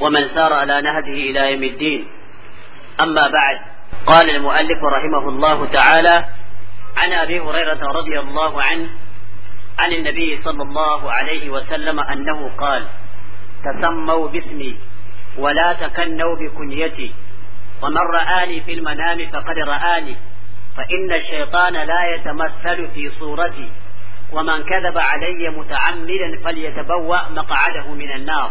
ومن سار على نهجه إلى يوم الدين أما بعد قال المؤلف رحمه الله تعالى عن أبي هريرة رضي الله عنه عن النبي صلى الله عليه وسلم أنه قال تسموا باسمي ولا تكنوا بكنيتي ومن رآني في المنام فقد رآني فإن الشيطان لا يتمثل في صورتي ومن كذب علي متعمدا فليتبوأ مقعده من النار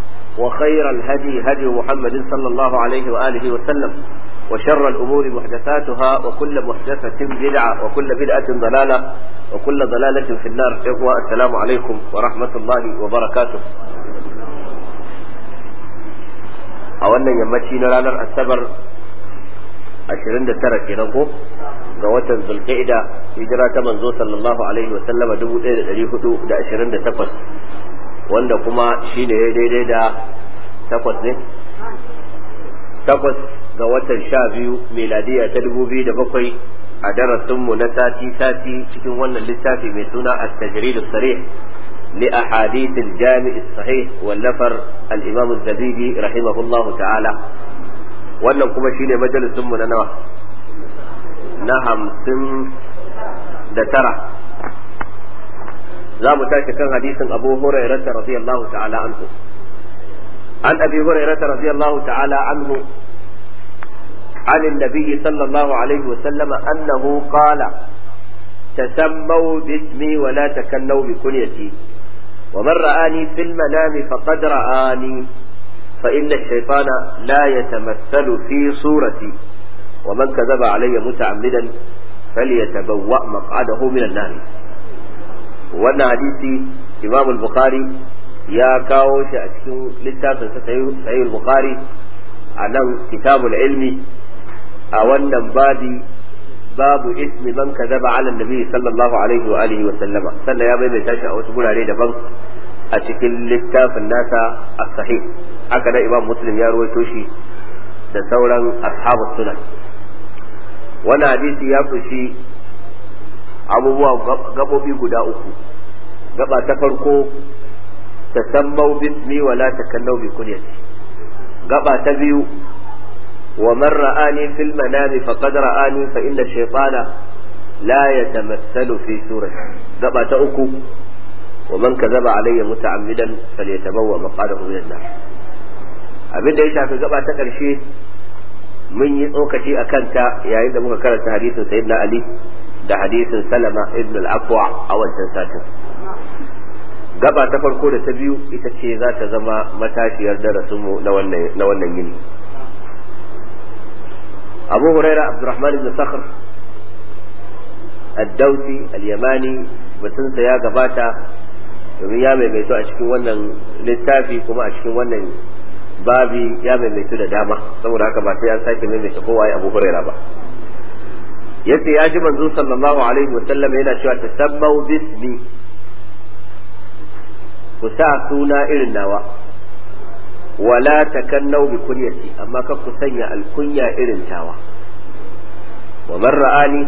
وخير الهدي هدي محمد صلى الله عليه وآله وسلم وشر الأمور محدثاتها وكل محدثة بدعة وكل بدعة ضلالة وكل ضلالة في النار السلام عليكم ورحمة الله وبركاته أولا يمتي نرانا السبر أشرين da tara kenan ko القعدة watan zulqa'ida صلى الله عليه وسلم دبو إيه sallama dubu ɗaya da ɗari wanda kuma shi ne daidai da takwas ne takwas ga watan sha biyu meladiya ta dubu biyu da bakwai a darasinmu na sati-sati cikin wannan littafi mai suna a tajiridu sare ni a hadithin jami'is sahih wallafar al'imamu zabibi rahimahullahu ta'ala wannan kuma shi ne majalisinmu na nawa na hamsin da tara ذا mu tashi أبو هريرة رضي الله تعالى عنه عن أبي هريرة رضي الله تعالى عنه عن النبي صلى الله عليه وسلم أنه قال تسموا باسمي ولا تكنوا بكنيتي ومن رآني في المنام فقد رآني فإن الشيطان لا يتمثل في صورتي ومن كذب علي متعمدا فليتبوأ مقعده من النار wannan hadisi imam al-bukhari ya kawo shi a cikin littafin sa sahih al-bukhari a nan kitabul ilmi a wannan babi babu ismi man kadaba ala nabi sallallahu alaihi wa alihi wa sallama sannan ya maimaita shi a wasu gurare daban a cikin littafin nasa as-sahih haka da imam muslim ya rawaito shi da sauran ashabar sunan wannan hadisi ya fushi. abubuwa gabobi guda uku gaba ta farko ta sammau bismi wala ta kallau bi kunyati gaba ta biyu wa man ra'ani fil manami faqad ra'ani fa inna shaytana la yatamassalu fi surati gaba ta uku wa man kadhaba alayya muta'ammidan falyatabawwa maqadahu min an-nar abin da ya shafi gaba ta karshe mun yi tsokaci a kanta yayin da muka karanta hadisin sayyidina ali da hadisin salama ibn al-aqwa a wancan satin gaba ta farko da ta biyu ita ce za ta zama matashiyar darasinmu na wannan yini abu huraira abdurrahman ibn sakhr addausi al-yamani mutunsa ya gabata domin ya maimaito a cikin wannan littafi kuma a cikin wannan babi ya maimaito da dama saboda haka ba sai an sake maimaita kowa ya abu huraira ba yace ya ji manzo sallallahu alaihi wasallam yana cewa tasammau bismi ku sa suna irin nawa wala takannau bi kunyati amma kan ku sanya alkunya irin tawa wa man ra'ani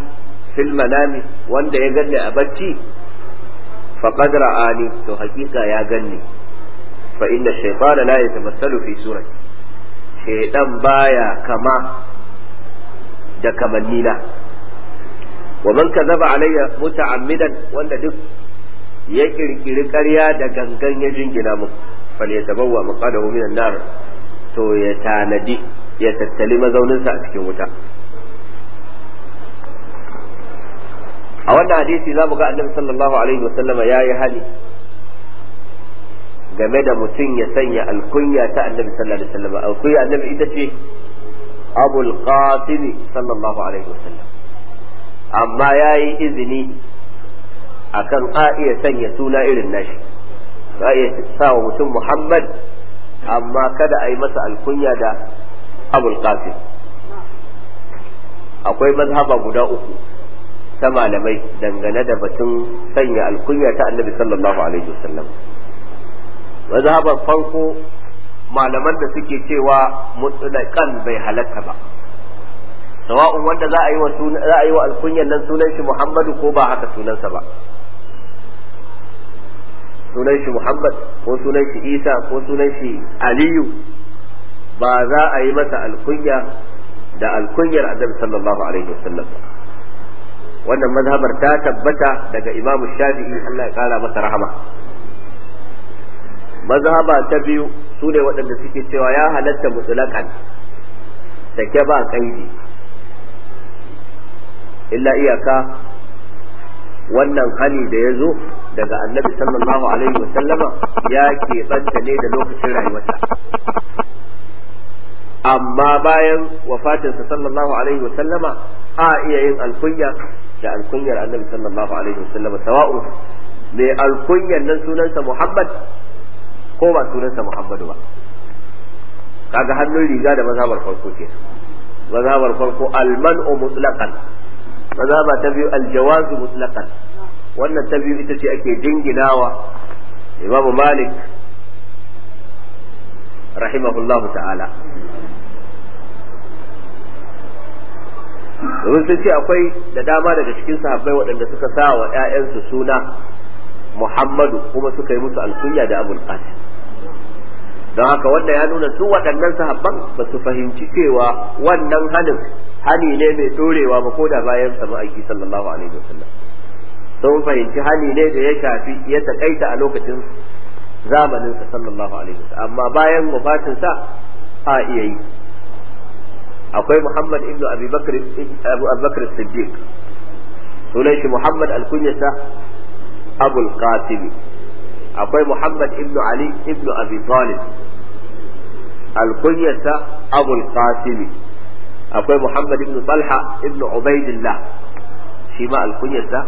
fil manami wanda ya ganni a bacci faqad ra'ani to hakika ya ganni fa inna shaytana la yatamassalu fi surati shaytan baya kama da kamannina wa man kadhaba alayya muta'ammidan wanda duk ya ƙirƙiri karya da gangan ya jingina mu falyatabawwa maqadahu minan nar to ya tanadi ya tattali mazauninsa a cikin wuta a wannan hadisi za mu ga annabi sallallahu alaihi ya yi hali game da mutum ya sanya alkunya ta annabi sallallahu alaihi wasallama alkunya annabi ita ce abul qasim sallallahu alaihi wasallam amma ya yi izini akan kan iya sanya suna irin nashi a iya sa wa mutum muhammad amma kada a yi masa alkunya da abul qasim akwai mazhaba guda uku ta malamai dangane da batun sanya alkunya ta annabi sallallahu alaihi wasallam mazhabar farko malaman da suke cewa mutsulakan bai halatta ba sawa'un wanda za a yi wa za a yi wa alkunyan nan sunan shi Muhammadu ko ba haka sunansa ba sunan shi Muhammad ko sunan shi Isa ko sunan shi Aliyu ba za a yi masa alkunya da alkunyar Annabi sallallahu alaihi wasallam wannan mazhabar ta tabbata daga Imam Shafi'i Allah ya kara masa rahama mazhaba ta biyu su ne waɗanda suke cewa ya halatta mutlaqan sake ba kaidi illa iyaka wannan hani da ya zo daga annabi sallallahu alaihi wa sallama ya keɓanta ne da lokacin rayuwarsa amma bayan wafatinsa sallallahu alaihi wa sallama a iya yin alkunya da alkunyar annabi sallallahu alaihi wa sallama sawa'u mai alkunyar nan sunansa muhammad ko ba sunansa muhammadu ba kaga hannun riga da mazhabar farko ke mazhabar farko alman'u mutlaqan Maza ba ta biyu aljawazu mutlaqan wannan ta biyu ita ce ake dinginawa imamu malik rahimahullahu ta'ala domin sun akwai da dama daga cikin sahabbai waɗanda suka sa wa 'ya'yansu suna muhammadu kuma suka yi musu alkunya da abul qasim don haka wanda ya nuna su waɗannan sahabban ba su fahimci cewa wannan halin hani ne mai dorewa ba ko da bayan sa aiki sallallahu alaihi wasallam don fahimci hani ne da ya shafi ya takaita a lokacin zamanin sa sallallahu alaihi wasallam amma bayan wafatin sa a iya yi akwai Muhammad ibnu Abi Bakr Abu Bakr Siddiq sunan shi Muhammad al-Kunyata Abul Qasim akwai Muhammad ibnu Ali ibnu Abi Talib al-Kunyata Abul Qasim akwai Muhammad ibn Talha ibn Ubaidillah shi ma alkunyarsa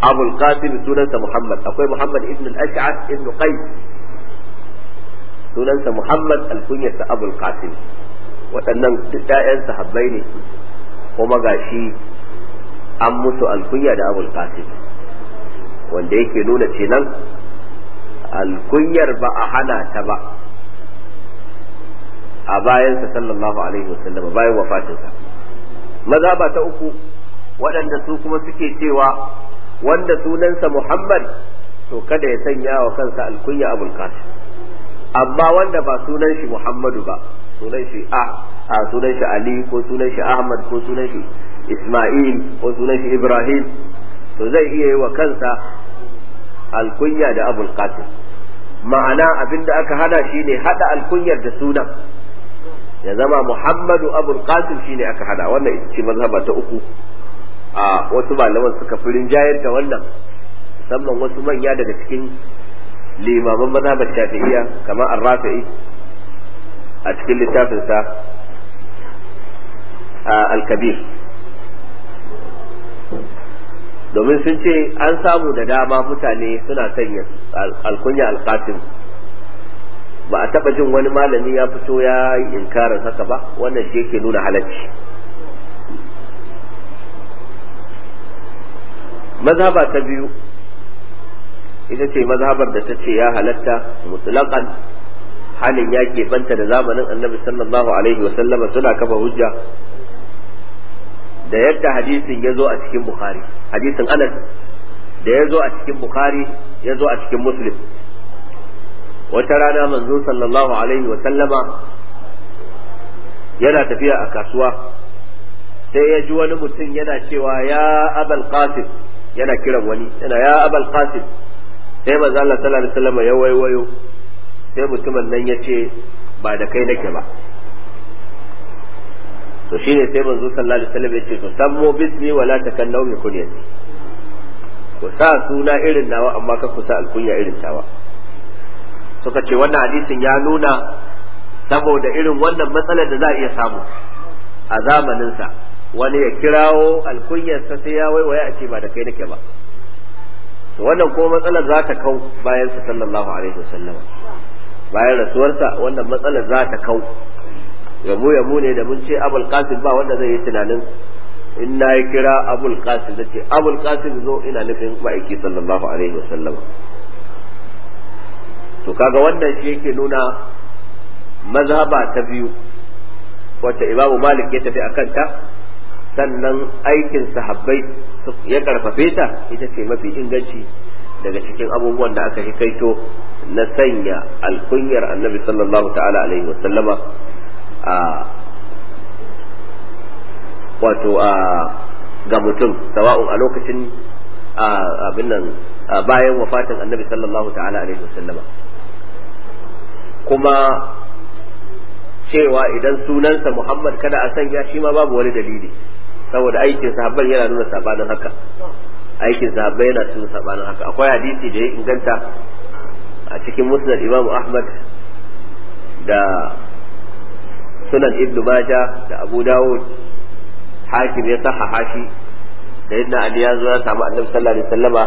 Abu al-Qasim sunansa Muhammad akwai Muhammad ibn al-Ash'ath ibn Qais sunansa Muhammad alkunyarsa Abu al-Qasim waɗannan duk ɗayan sahabbai ne kuma gashi an mutu alkunya da Abu al-Qasim wanda yake nuna kenan alkunyar ba a hana ta ba a bayansa sallallahu alaihi wasallam bayan wafatinsa maza ba ta uku waɗanda su kuma suke cewa wanda sunansa muhammad to kada ya sanya wa kansa alkunya abul qasim amma wanda ba sunan shi muhammadu ba sunan shi a sunan shi ali ko sunan shi ahmad ko sunan shi isma'il ko sunan shi ibrahim to zai iya yi wa kansa alkunya da abul qasim ma'ana abinda aka hana shi ne hada alkunyar da sunan ya zama muhammadu abul qasim shine aka hada wannan ita ce mazhaba ta uku a wasu malaman suka fi rinjayar da wannan musamman wasu manya daga cikin limaman mazhabar shafi'iyya kamar ar-rafi'i a cikin littafinsa al-kabir domin sun ce an samu da dama mutane suna sanya alkunya al-qasim ba a taba jin wani malami ya fito ya yi inkarin haka ba wannan shi yake nuna halacci mazhaba ta biyu ita ce mazhabar da ta ce ya halatta mutlaqan halin ya keɓanta da zamanin annabi sallallahu alaihi wa sallama suna kafa hujja da yadda hadisin ya zo a cikin bukhari hadisin anas da ya zo a cikin bukhari ya zo a cikin muslim wata rana manzo sallallahu alaihi wa sallama yana tafiya a kasuwa sai ya ji wani mutum yana cewa ya abal qasim yana kiran wani yana ya abal qasim sai manzo Allah sallallahu alaihi wa sallama ya waiwayo sai mutumin nan ya ce ba da kai nake ba to shine sai manzo sallallahu alaihi wasallam yace to sammo bismi wala takallu bi kunyati ku sa suna irin nawa amma ka kusa alkunya irin tawa suka ce wannan hadisin ya nuna saboda irin wannan matsalar da za a iya samu a zamaninsa wani ya kirawo alkunyarsa sai ya waiwaya a ce ba da kai nake ba to wannan ko matsalar za ta kau bayan sa sallallahu alaihi wasallam bayan rasuwarsa wannan matsalar za ta kau yamu yamu ne da mun ce abul qasim ba wanda zai yi tunanin in na yi kira abul qasim da ce abul qasim zo ina nufin ma'aiki sallallahu alaihi wasallam to kaga wannan shi yake nuna mazhaba ta biyu wacce imamu malik ya tafi a kanta sannan aikin sahabbai ya karfafe ta ita ce mafi inganci daga cikin abubuwan da aka hikaito na sanya alkunyar annabi sallallahu ta'ala alaihi wasallama a wato a ga mutum sawa'un a lokacin abin nan bayan wafatin annabi sallallahu ta'ala alaihi wasallama kuma cewa idan sunansa Muhammad kada a sanya shi ma babu wani dalili saboda aikin sahabban yana nuna sabanin haka aikin sahabban yana nuna sabanin haka akwai hadisi da ya inganta a cikin musnad Imam Ahmad da sunan Ibn Majah da Abu Dawud hakim ya sahaha shi da yadda Ali ya zo ya samu Annabi sallallahu alaihi wasallama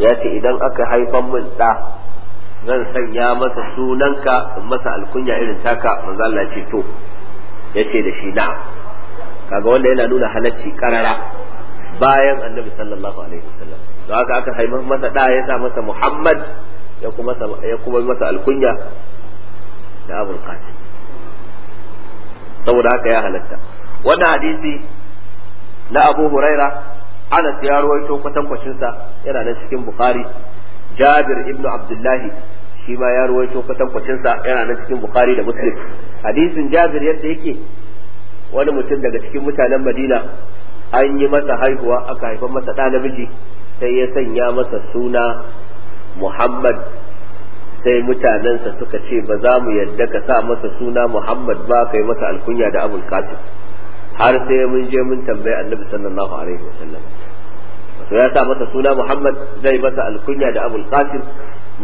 ya ce idan aka haifan min da zan sanya masa sunanka in masa alkunya irin taka manzo Allah ce to yace da shi na kaga wanda yana nuna halacci karara bayan annabi sallallahu alaihi wasallam to haka aka haifa masa da ya sa masa Muhammad ya kuma ya kuma masa alkunya da Abul Qasim saboda haka ya halatta wannan hadisi na Abu Huraira ana ya ruwaito kwatankwacin sa yana nan cikin Bukhari jabir ibnu abdullahi shi ma ya ruwaito kwatankwacin sa yana na cikin bukhari da muslim hadisin jabir yadda yake wani mutum daga cikin mutanen madina an yi masa haihuwa aka haifa masa ɗa namiji sai ya sanya masa suna muhammad sai mutanensa suka ce ba za mu yadda ka sa masa suna muhammad ba kai masa alkunya da abul qasim har sai mun je mun tambayi annabi sallallahu alaihi wasallam to ya sa masa suna Muhammad zai masa alkunya da Abul Qasim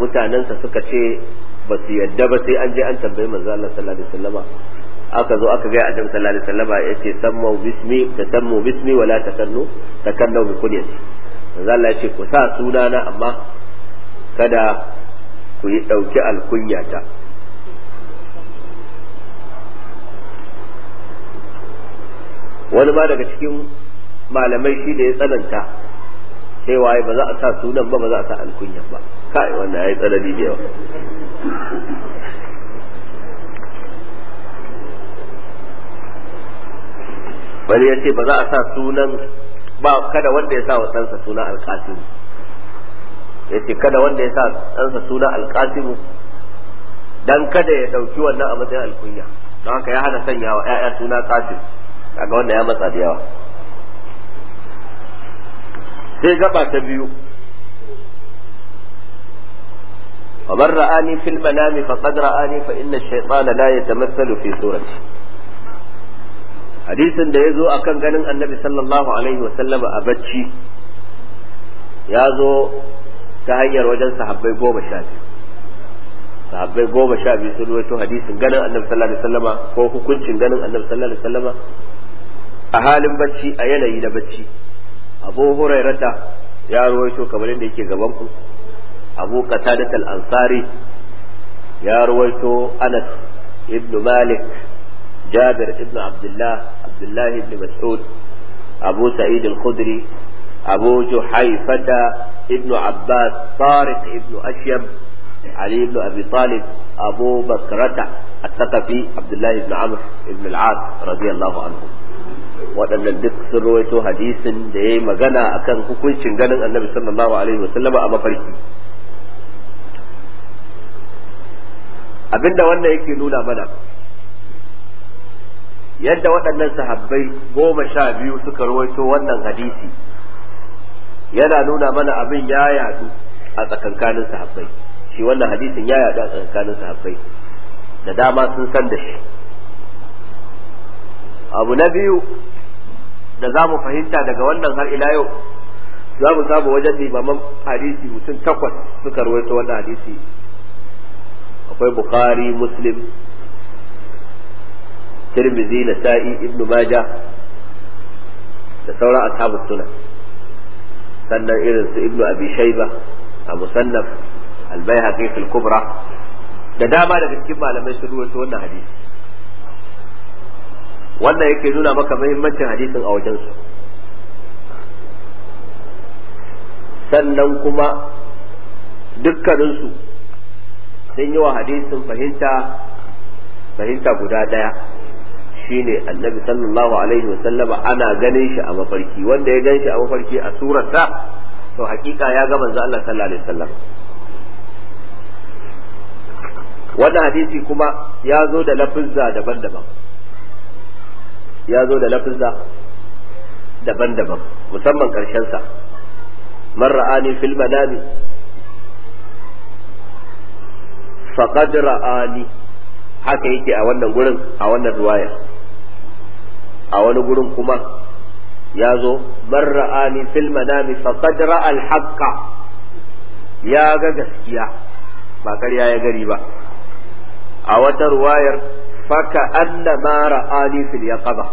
mutanensa suka ce ba su yadda ba sai an je an tambayi manzo Allah sallallahu alaihi wasallama aka zo aka ga Annabi sallallahu alaihi wasallama yace sammu bismi tasammu bismi wala tasannu takannu bi kunyati manzo Allah yace ku sa na amma kada ku yi dauki alkunyata wani ma daga cikin malamai shi da ya tsananta sai waye ba za a sa sunan ba ba za a sa alkunya ba kai wannan yayi tsanani da yawa bari yace ba za a sa sunan ba kada wanda ya sa wa sansa suna alƙasimu yace kada wanda ya sa sansa suna alƙasimu dan kada ya ɗauki wannan a matsayin alkunya don haka ya hana sanya wa 'ya'ya suna ƙasim kaga wanda ya matsa da yawa sai gaba ta biyu ومن رآني في المنام فقد رآني فإن الشيطان لا يتمثل في hadisin da ya zo a kan ganin annabi sallallahu alaihi wasallama a bacci ya zo ta hanyar wajen sahabbai goma sha biyu sahabbai goma sha biyu sun rawaito hadisin ganin annabi sallallahu alaihi wasallama ko hukuncin ganin annabi sallallahu alaihi a halin bacci a yanayi na bacci abu hurairata ya ruwaito kamar yadda yake gaban ku abu qatadat al-ansari ya ruwaito anas ibn malik jabir ibn abdullah abdullah ibn mas'ud abu sa'id al-khudri abu juhayfata ibn abbas tariq ibn ashyab علي بن أبي طالب أبو بكرة الثقفي عبد الله بن عمرو بن العاص رضي الله عنهم waɗannan duk sun rawaito hadisin da ya yi magana a kan hukuncin ganin annabi sallallahu alaihi wasallama a mafarki abinda wannan yake nuna mana yadda waɗannan sahabbai goma sha biyu suka rawaito wannan hadisi yana nuna mana abin ya yadu a tsakankanin sahabbai shi wannan hadisin ya yadu a tsakankanin sahabbai da dama sun san da shi abu na biyu da za mu fahimta daga wannan har ila yau za mu samu wajen limaman hadisi mutum takwas suka rawaito wannan hadisi akwai bukhari muslim tirmidhi nasa'i ibnu majah da sauran ashabu sunan sannan irin su ibnu abi shayba a musannaf al-baihaqi fil kubra da dama daga cikin malamai sun rawaito wannan hadisi wannan yake nuna maka muhimmancin hadisin a wajensu sannan kuma dukkaninsu sun yi wa hadisin fahimta fahimta guda ɗaya shine annabi sallallahu alaihi wasallama ana ganin shi a mafarki wanda ya gan shi a mafarki a surarsa to hakika ya ga manzo Allah sallallahu alaihi wasallam wannan hadisi kuma ya zo da lafizza daban-daban ya zo da lafizza daban-daban musamman ƙarshensa man ra'ani fil manami faqad ra'ani haka yake a wannan gurin a wannan ruwaya a wani gurin kuma ya zo man ra'ani fil manami faqad ra'a al haqqa ya ga gaskiya ba ƙarya ya gari ba a wata ruwayar faka ma ra'ani fil yaqaba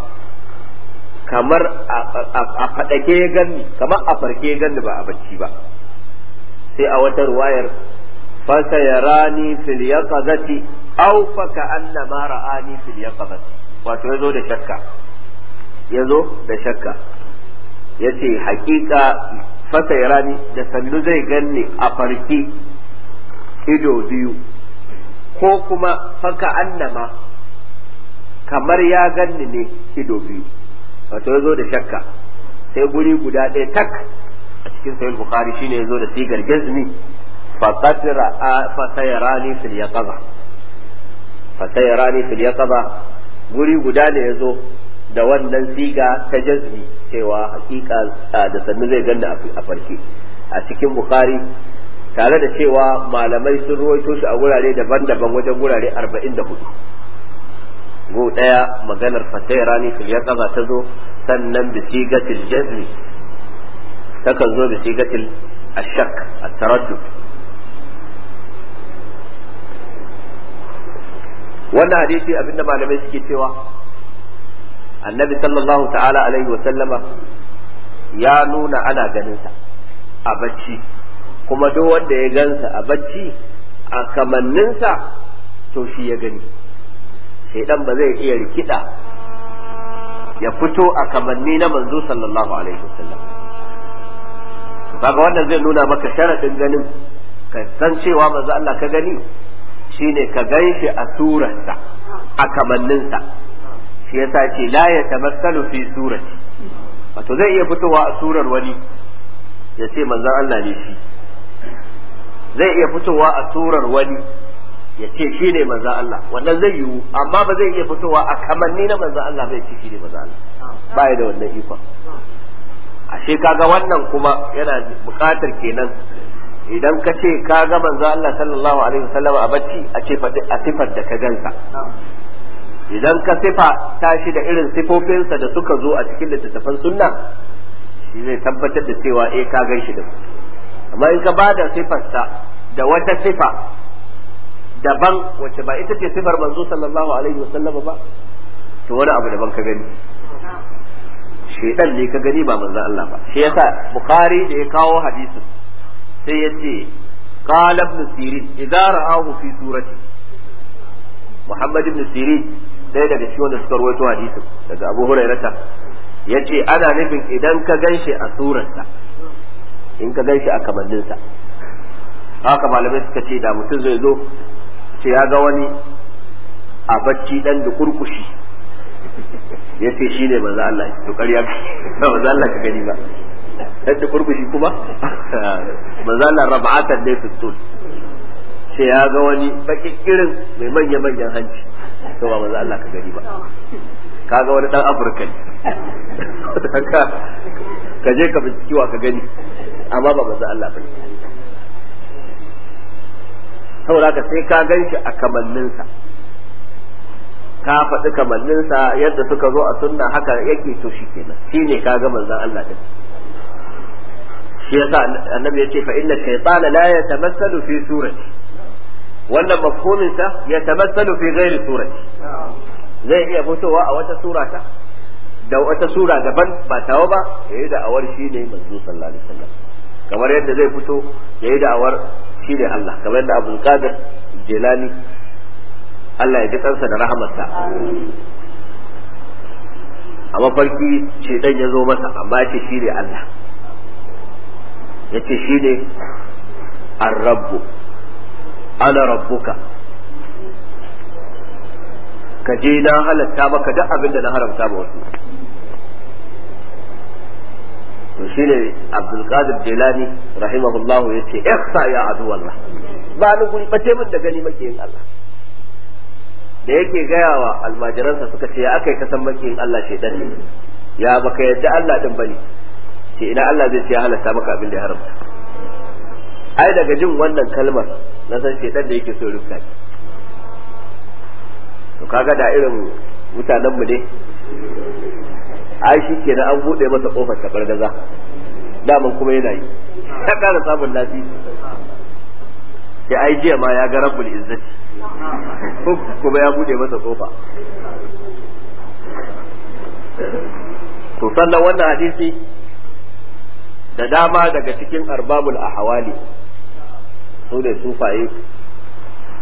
kamar a fadake ganni kamar a farke ganni ba a bacci ba sai a wata ruwayar faka yarani fil yaqazati aw faka ma ra'ani fil yaqaba wato yazo da shakka yazo da shakka yace hakika faka yarani da sallu zai ganni a farke ido biyu ko kuma faka annama kamar ya ganni ne ido biyu wato ya zo da shakka sai guri guda ɗaya tak a cikin sahih bukhari shine ya zo da sigar jazmi فقد رأى fil في اليقظة فسيراني في اليقظة guri guda ne ya zo da wannan siga ta jazmi cewa hakika da sannu zai ganni a farke a cikin bukhari tare da cewa malamai sun ruwaito shi a wurare daban-daban wajen wurare arba'in da hudu go daya maganar fasaira ne fil yaqaza ta zo sannan bi sigatil jazmi takan zo bi sigatil ashak at-taraddud wannan hadisi abinda malamai suke cewa annabi sallallahu ta'ala alaihi wa sallama ya nuna ana ganin sa a bacci kuma duk wanda ya gansa a bacci a kamanninsa to shi ya gani shedan ba zai iya rikida ya fito a kamanni na manzo sallallahu alaihi wasallam kaga wannan zai nuna maka sharadin ganin ka san cewa manzo Allah ka gani shine ka ganshi a surarsa a kamanninsa shi yasa ce la ya tamassalu fi surati wato zai iya fitowa a surar wani ya ce manzo Allah ne shi zai iya fitowa a surar wani ya ce shi ne manzo Allah wannan zai yiwu amma ba zai iya fitowa a kamanni na manzo Allah bai ce shi ne manzo Allah ba ya da wannan ikon ashe kaga wannan kuma yana bukatar kenan idan ka ce ka ga manzo Allah sallallahu alaihi wasallam a bacci a ce a sifar da ka gansa idan ka sifa ta shi da irin sifofinsa da suka zo a cikin littattafan sunna shi zai tabbatar da cewa eh ka gan shi da amma in ka ba da sifarsa da wata sifa daban wace ba ita ce sifar manzo sallallahu alaihi wasallam ba to abu daban ka gani shedan ne ka gani ba manzo Allah ba shi yasa mukari da ya kawo hadisin sai ya ce qala ibn sirin idza ra'ahu fi surati muhammad sai daga cikin wanda suka rawaito hadisin daga abu hurairata yace ana nufin idan ka ganshi a surarsa in ka ganshi a kamanninsa haka malamai suka ce da mutum zai zo Sai ya ga wani a bacci dan da kurkushi ya ce shi ne maza Allah to ƙarya ba maza Allah ka gani ba dan da kurkushi kuma maza Allah rab'atan ne fitul sai ya ga wani bakikirin mai manya manyan hanci to ba maza Allah ka gani ba ka ga wani dan Afirka ne ka je ka binciki ka gani amma ba maza Allah ba ne saboda haka sai ka gan shi a kamanninsa ka faɗi kamanninsa yadda suka zo a sunna haka yake to shi kenan shi ne ka ga manzon Allah din shi yasa annabi yace fa inna shaytana la yatamassalu fi surati wannan mafhumin sa yatamassalu fi ghairi surati zai iya fitowa a wata surata da wata sura daban ba tawa ba yayi da awar shi ne manzo sallallahu alaihi wasallam kamar yadda zai fito ya yi da'awar shi ne Allah kamar yadda abul qadir jelani Allah ya ji kansa da rahamarsa a mafarki ce dan ya zo masa amma ya ce shi ne Allah ya ce shi ne rabbu ana rabbuka ka je na halatta maka duk abin da na haramta ba wasu to shine Abdul Qadir Jilani rahimahullahu yace ihsa ya adu wallah ba ni guri bace min da gani makiyin Allah da yake gaya wa almajiransa suka ce ya akai kasan makiyin Allah shedan ne ya baka yadda Allah din bane ce ina Allah zai ce ya halatta maka abin da ya haramta ai daga jin wannan kalmar na san shedan da yake so rufka to kaga da irin mutanen mu ne ai shi ke an buɗe masa kofar tabargaza daman kuma yana yi ta ƙara samun lafi Ya ai jiya ma ya ga rabbul izzati kuma ya buɗe masa kofa to sannan wannan hadisi da dama daga cikin arbabul ahawali su ne sufaye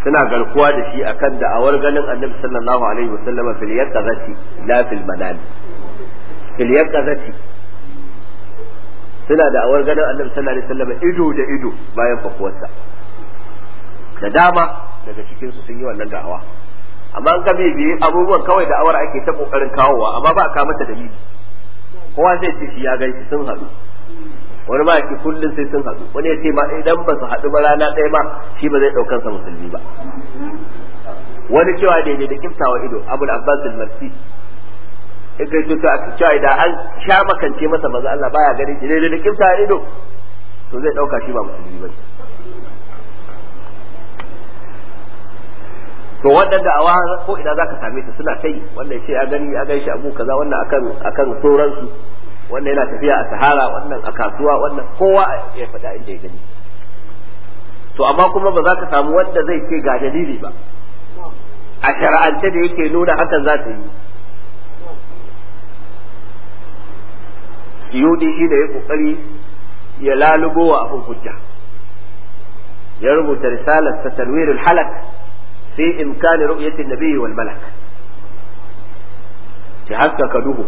suna garkuwa da shi akan da'awar ganin annabi sallallahu alaihi wasallam fil yaqazati la fil manami fil yaqazati suna da awar ganin annabi sallallahu alaihi wasallam ido da ido bayan fakuwarsa da dama daga cikin su sun yi wannan da'awa amma an ka bi abubuwan kawai da awar ake ta kokarin kawowa amma ba a mata dalili kowa zai ce shi ya gaishe sun haɗu wani ma yake kullum sai sun haɗu wani ya ce ma idan ba su haɗu ba rana ɗaya ma shi ba zai ɗaukan sa musulmi ba wani cewa ne da kiftawa ido abul abbas al-marsi kai to cewa idan an sha makance masa maza Allah baya gani ne da da kimsa ido to zai dauka shi ba musulmi ba to waɗanda a awa ko ina zaka same ta suna kai wanda ce ya gani ya gaishe abu kaza wannan akan akan su wannan yana tafiya a sahara wannan a kasuwa wannan kowa ya fada inda ya gani to amma kuma ba za ka samu wanda zai ce ga dalili ba a shara'ance da yake nuna hakan za ta yi siyudi shi da ya kokari ya lalubo wa abin hujja ya rubuta risalar ta tanwirul halak in kani ru'yatin nabiyyi wal malak ta haskaka duhu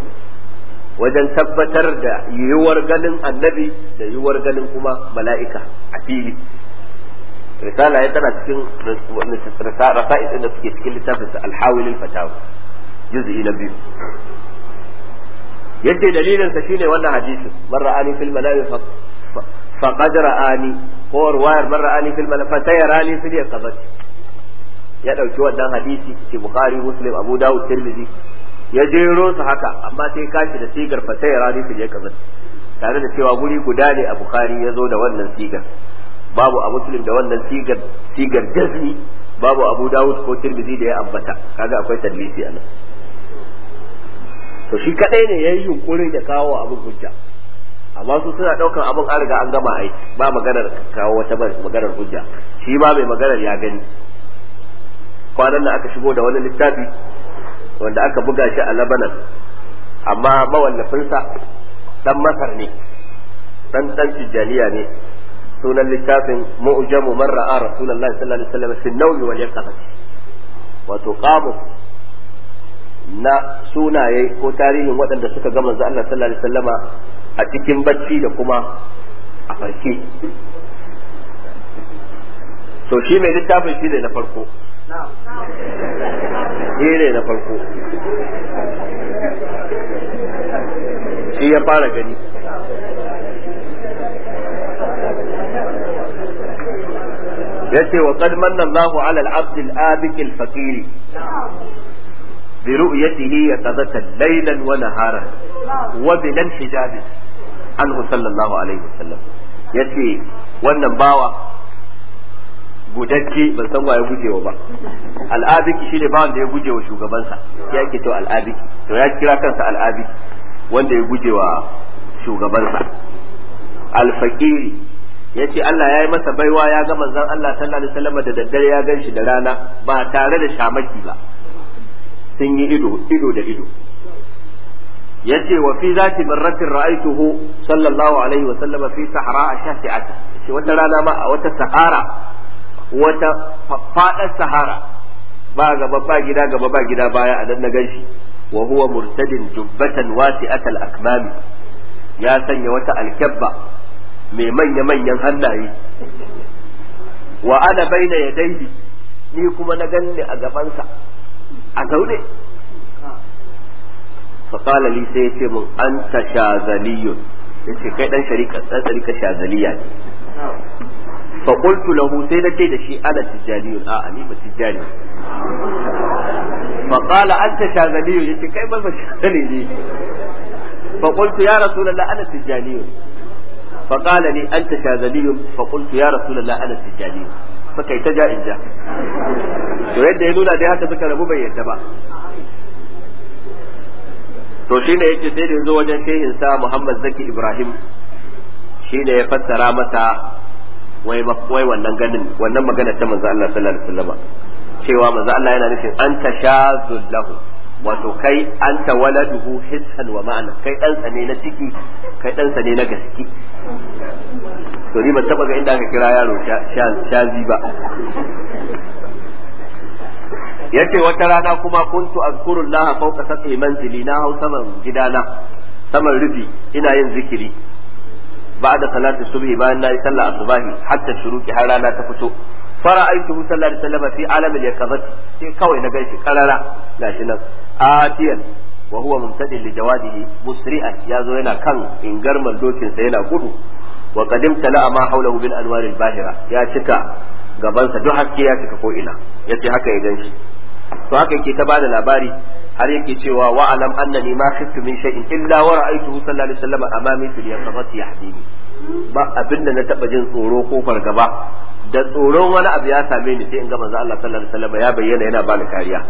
wajen tabbatar da yiwuwar ganin annabi da yiwuwar ganin kuma mala'ika a fili risala ya tana cikin rasa'id da suke cikin littafin sa alhawilin fatawa juz'i na biyu Yadda dalilin sa shine wannan hadisi man ra'ani fil malai fa qadra ra'ani ko ruwayar man ra'ani fil malai fa sayarani fil yaqabat ya dauki wannan hadisi ke bukhari muslim abu daud tirmidhi ya jero su haka amma sai kashi da sigar fa sayarani fil yaqabat tare da cewa guri guda ne a bukhari ya zo da wannan sigar babu a muslim da wannan sigar sigar jazmi babu abu daud ko tirmidhi da ya ambata kaga akwai tadlisi anan to shi kadai ne yayi yunkuri da kawo abin hujja amma su suna daukar abin an riga an gama ai ba maganar kawo wata maganar hujja shi ma mai maganar ya gani kwanan nan aka shigo da wani littafi wanda aka buga shi a labanan amma mawallafinsa dan masar ne dan dan tijjaniya ne sunan littafin mu'jamu man ra'a rasulullahi sallallahu alaihi wasallam fi wal yaqati wato qamus na sunaye ko tarihin waɗanda suka ga manzo Allah sallallahu alaihi wasallama a cikin bacci da kuma a farke So, shi mai littafin shi ne na farko shi ne na farko shi ya fara gani yace wa qad manna Allahu ala al-abd al-abiq al-faqir برؤيته يقظة ليلا ونهارا وبلا انحجاب عنه صلى الله عليه وسلم يتي wannan bawa gudacce ban san waye gujewa ba al'abiki shine bawan da ya gujewa shugabansa ya ke to al'abiki to ya kira kansa al'abiki wanda ya gujewa shugabansa alfaqiri yace Allah ya yi masa baiwa ya ga manzon Allah sallallahu alaihi wasallam da daddare ya ganshi da rana ba tare da shamaki ba sun yi ido ido da ido yace wa fi zati marratin ra'aituhu sallallahu alaihi wa sallama fi sahara shati'ata ce wata rana ma a wata sahara wata faɗar sahara ba gaba ba gida gaba ba gida baya a nan na ganshi wa huwa murtadin jubbatan wasi'at al-akmami ya sanya wata alkabba mai manya manyan hannaye wa ana baina yadayhi ni kuma na ganni a gabansa a zaune faƙala li sai ya ce mun an ta shazaliyun ya ce kai ɗan sharika ɗan sharika shazaliya ne faƙultu lahu sai na ce da shi ana tijjaniyun a ni ba tijjani faƙala an ta shazaliyun ya ce kai ba ba shazali ne faƙultu ya rasu lalla ana tijjaniyun faƙala ni an ta shazaliyun faƙultu ya rasu lalla ana tijjaniyun suka yi ta ja in ja to yadda ya nuna dai haka suka rabu bai yadda ba to shi ne yake sai da zo wajen shehin sa Muhammad Zaki Ibrahim shi ne ya fassara mata wai wai wannan ganin wannan magana ta manzo Allah sallallahu alaihi wasallam cewa manzo Allah yana nufin anta shazul lahu wato kai anta waladuhu hissan wa ma'ana kai dan sane na ciki kai dan sane na gaske to ba taba ga inda aka kira yaro sha zi ba yake wata rana kuma kuntu azkurullaha fawqa sabbi manzili na hau saman gidana saman rufi, ina yin zikiri ba'da salati subhi bayan na yi sallah asubahi har ta shuruki har rana ta fito fara aiki hu sallar sallama fi alamin ya kaza shi kawai na gaishi karara ga shi nan atiyan wa huwa mumtadi li jawadihi musri'an yazo yana kan ingarman dokin sa yana gudu wa qadim tala'a ma hawlahu bil anwar al bahira ya cika gabansa duk haske ya cika ko ina ce haka ya ganshi to haka yake ta bada labari har yake cewa wa alam annani ma khiftu min shay'in illa wa ra'aytuhu sallallahu alaihi wasallam amami fil yaqati yahdini ba abinda na taba jin tsoro ko fargaba da tsoron wani abu ya same ni sai in ga manzo Allah sallallahu alaihi wasallam ya bayyana yana bani kariya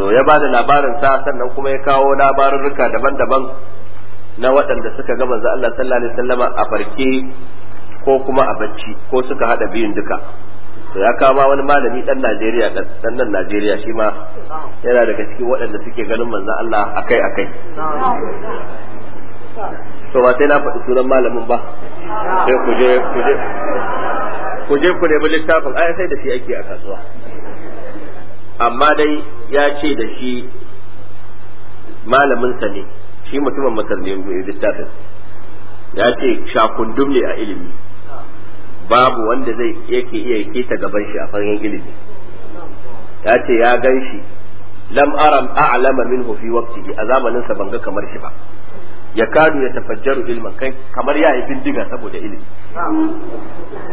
to ya bada labarin sa sannan kuma ya kawo rika daban-daban na waɗanda suka ga manzo Allah sallallahu alaihi wasallama a farke ko kuma a bacci ko suka hada biyun duka to ya kama wani malami dan Najeriya dan nan Najeriya shi ma yana daga cikin waɗanda suke ganin manzo Allah akai akai to ba sai na faɗi sunan malamin ba sai ku je ku je ku je ku nemi littafin ai sai da shi ake a kasuwa amma dai ya ce da shi malaminsa ne shi mutumin masar ne littafin ya ce shakundum ne a ilimi babu wanda zai yake iya keta gaban shi a fannin ilimi ya ce ya gan shi lam aram a'lama minhu fi waqtihi a zamaninsa sa ga kamar shi ba ya kadu ya tafajjaru ilman kai kamar ya yi bindiga saboda ilimi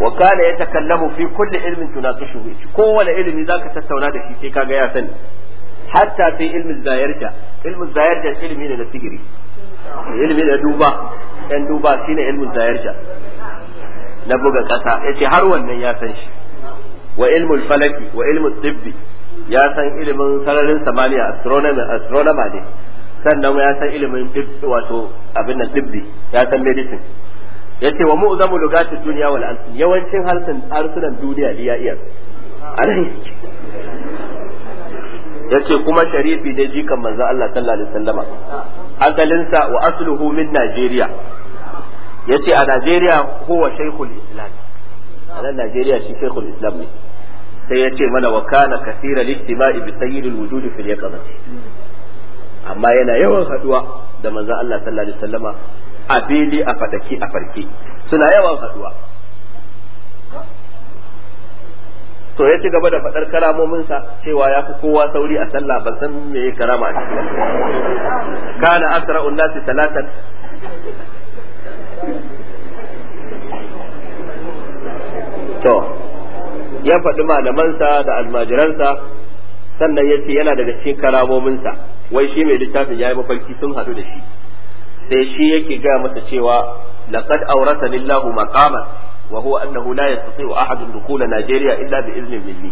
wa kana ya takallamu fi kulli ilmin tunaqishu kowane ilimi zaka tattauna da shi sai kaga ya sani hatta fi ilmin zayarja ilmin zayarja ilimi ne na sigiri ilimi da duba yan duba shine ilmin zayarja na buga kasa yace har wannan ya san shi wa ilmul falaki wa ilmul tibbi ya san ilimin sararin samaniya astronomy astronomer ne sannan ya san ilimin wato abin nan dibbi ya san medicine yace wa mu'zamu lugati dunya wal alsin yawancin harsun harsunan duniya ya iya yace kuma sharifi da jikan manzo Allah sallallahu alaihi wasallama asalinsa wa asluhu min Najeriya yace a Najeriya huwa shaykhul islam a nan Najeriya shi shaykhul islam ne sai yace mana wa kana kasira lijtima'i bi sayyidil wujudi fil yaqamati amma yana yawan haduwa da manzo Allah sallallahu alaihi wasallama a fili a fadaki a farki suna yawan haduwa to ya ci gaba da faɗar sa cewa ya fi kowa sauri a sallah ban san me ya karama a cikin kana asra unnasi salatan to ya faɗi malamansa da almajiransa sannan ya ce yana daga cikin karamominsa wai shi mai littafin ya yi mafarki sun hadu da shi sai shi yake gaya masa cewa laqad awrasa lillahu maqaman wa huwa annahu la yastati'u ahadun dukula Najeriya illa bi iznin minni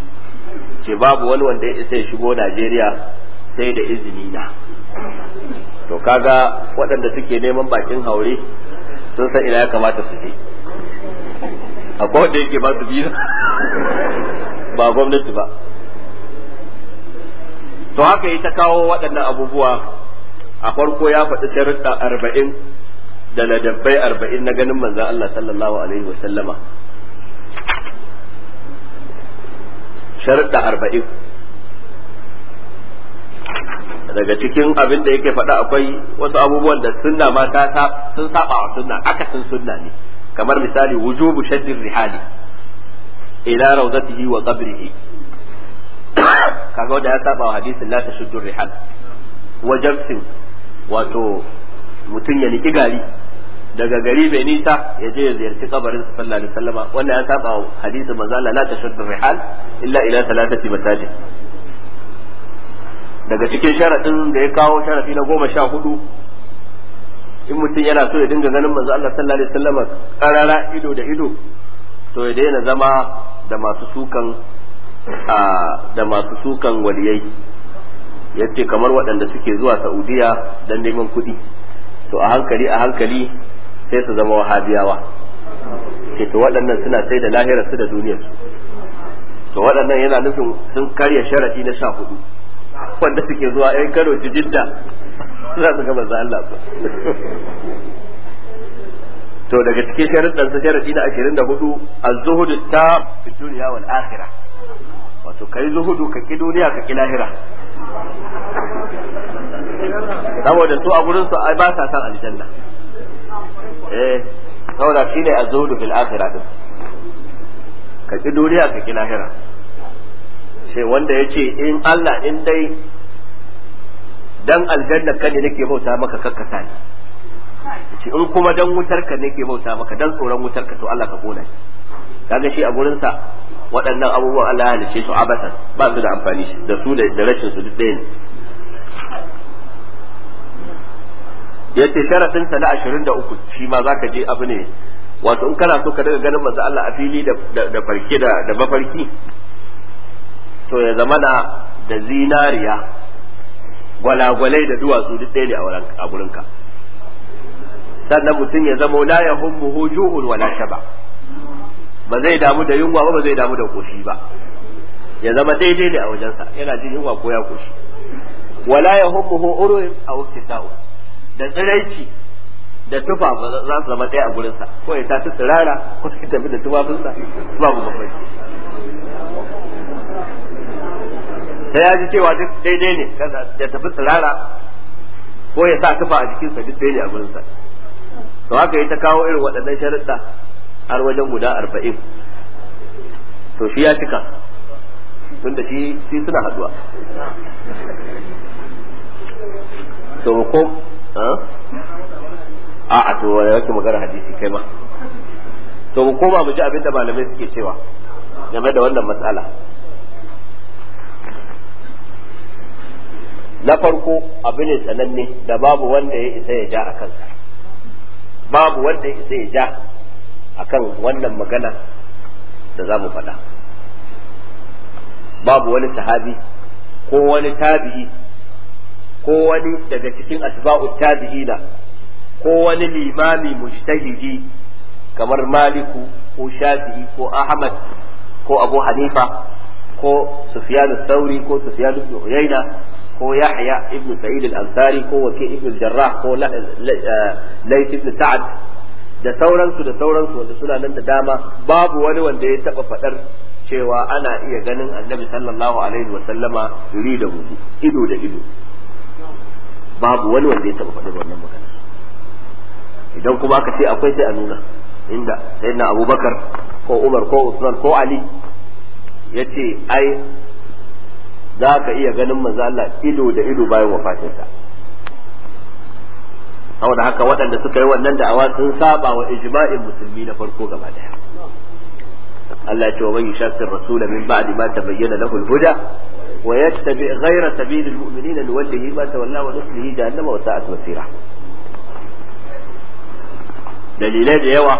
ce babu wani wanda ya isa ya shigo Najeriya sai da izini na to kaga waɗanda suke neman bakin haure sun san ina ya kamata su je akwai wanda yake ba su biyu ba gwamnati ba to haka yi ta kawo waɗannan abubuwa a farko ya faɗi sharuɗa arba'in da ladabbai arba'in na ganin manzan Allah sallallahu alaihi wasallama sharuɗa arba'in daga cikin abin da yake faɗa akwai wasu abubuwan da sunna ma ta sun saba wa sunna akasin sunna ne kamar misali wujubu shaddin rihali ila rawdatihi wa qabrihi kaga wanda ya saba wa hadisin la tashuddu rihal jamsin wato mutum ya niki gari daga gari bai nisa ya je ya ziyarci kabarin sallallahu alaihi wasallam wanda ya saba wa hadisin manzo la tashuddu rihal illa ila thalathati masajid daga cikin sharadin da ya kawo sharadi na goma sha hudu in mutum yana so ya dinga ganin manzo Allah sallallahu alaihi wasallam karara ido da ido to ya daina zama da masu sukan da masu sukan waliyai ya ce kamar waɗanda suke zuwa saudiya don neman kuɗi to a hankali a hankali sai su zama wahabiyawa Ke to waɗannan suna sai da lahirarsu da duniyarsu to waɗannan yana nufin sun karya sharaɗi na sha hudu wanda suke zuwa yan kano ci jidda za su gaba za Allah to daga cikin sharaɗin sa sharaɗi na ashirin da hudu az zuhud ta fi duniya wal akhirah wato kai zuhudu ka ki duniya ka ki lahira saboda su a gurin su ai ba sa san aljanna eh saboda shine azhudu fil akhirah din ka ki duniya ka ki lahira sai wanda yace in Allah in dai dan aljanna ka ne nake bauta maka kakkasa ni in kuma dan wutar ka nake bauta maka dan tsoron wutar ka to Allah ka kona shi kaga shi a gurin sa waɗannan abubuwan Allah ya halice su abatan ba su da amfani da su da rashin su duk ɗaya ne yace sharafin sa na 23 shi ma zaka je abu ne wato in kana so ka daga ganin manzo Allah a fili da da farki da mafarki to ya zama da da zinariya gwalagwalai da duwatsu duk ɗaya ne a gurinka sannan mutum ya zama la yahummuhu ju'un wala shaba' ba zai damu da yunwa ba ba zai damu da koshi ba ya zama daidai ne a wajensa yana jin yunwa ko ya koshi wala ya hukmuhu urun aw kitau da tsiraici da tufa ba za su zama ɗaya a gurinsa ko ya ta tsirara ko ta tafi da tufafinsa babu bambanci sai ya ji cewa duk daidai ne ya tafi tsirara ko ya sa tufa a jikinsa duk daidai a gurinsa to haka ya ta kawo irin waɗannan sharuɗa har wajen guda arba'in to shi ya cika tun da shi shi suna haduwa to ko ah? a a to wani yake magana hadisi kai ma to mu koma mu ji abin da malamai suke cewa game da wannan matsala na farko abu ne sananne da babu wanda ya isa ya ja a kansa babu wanda ya isa ya ja akan wannan magana da za mu faɗa babu wani sahabi ko wani tabi'i ko wani daga cikin asba'u na ko wani limami mujtahidi kamar maliku ko shafi'i ko ahmad ko abu hanifa ko sufyan sauri ko sufyan ibn ko yahya ibn sa'id al-ansari ko wake ibn jarrah ko layth ibn sa'ad da sauransu da sauransu wanda suna nan da dama babu wani wanda ya taba fadar cewa ana iya ganin annabi sallallahu alaihi wa sallama ri da hudu ido da ido babu wani wanda ya taba fadar wannan magana idan kuma aka ce akwai sai a nuna inda sayyidina abubakar ko umar ko usman ko ali yace ai za ka iya ganin manzo Allah ido da ido bayan wafatinsa saboda haka waɗanda suka yi wannan da'awa sun saba wa ijma'in musulmi na farko gaba daya Allah ce wa man yushaqqir rasula min ba'di ma tabayyana lahu al-huda wa yattabi' ghayra sabili al-mu'minina nuwallihi ma tawalla wa nuslihi jahannama wa sa'at masira dalilai da yawa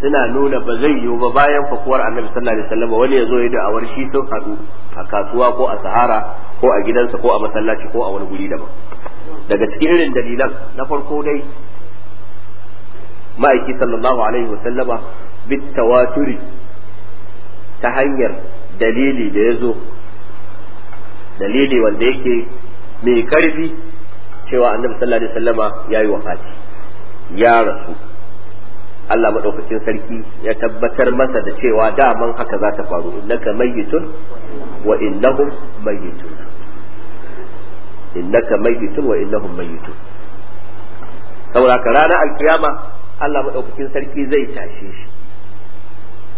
suna nuna ba zai yiwu ba bayan fakuwar annabi sallallahu alaihi wasallam wani ya zo ya da'awar shi sun haɗu a kasuwa ko a sahara ko a gidansa ko a masallaci ko a wani guri daban daga cikin irin dalilan na farko dai ma'aiki sallallahu alaihi wa sallama bit bittawaturi ta hanyar dalili da ya zo dalili wanda yake mai karfi cewa annabi sallallahu alaihi ya yi wafati ya rasu Allah maɗaukacin sarki ya tabbatar masa da cewa daman haka za ta faru innaka mayyitun wa innahum mayyitun innaka mayyitun wa innahum mayyitun saboda ka ranar alkiyama Allah madaukakin sarki zai tashe shi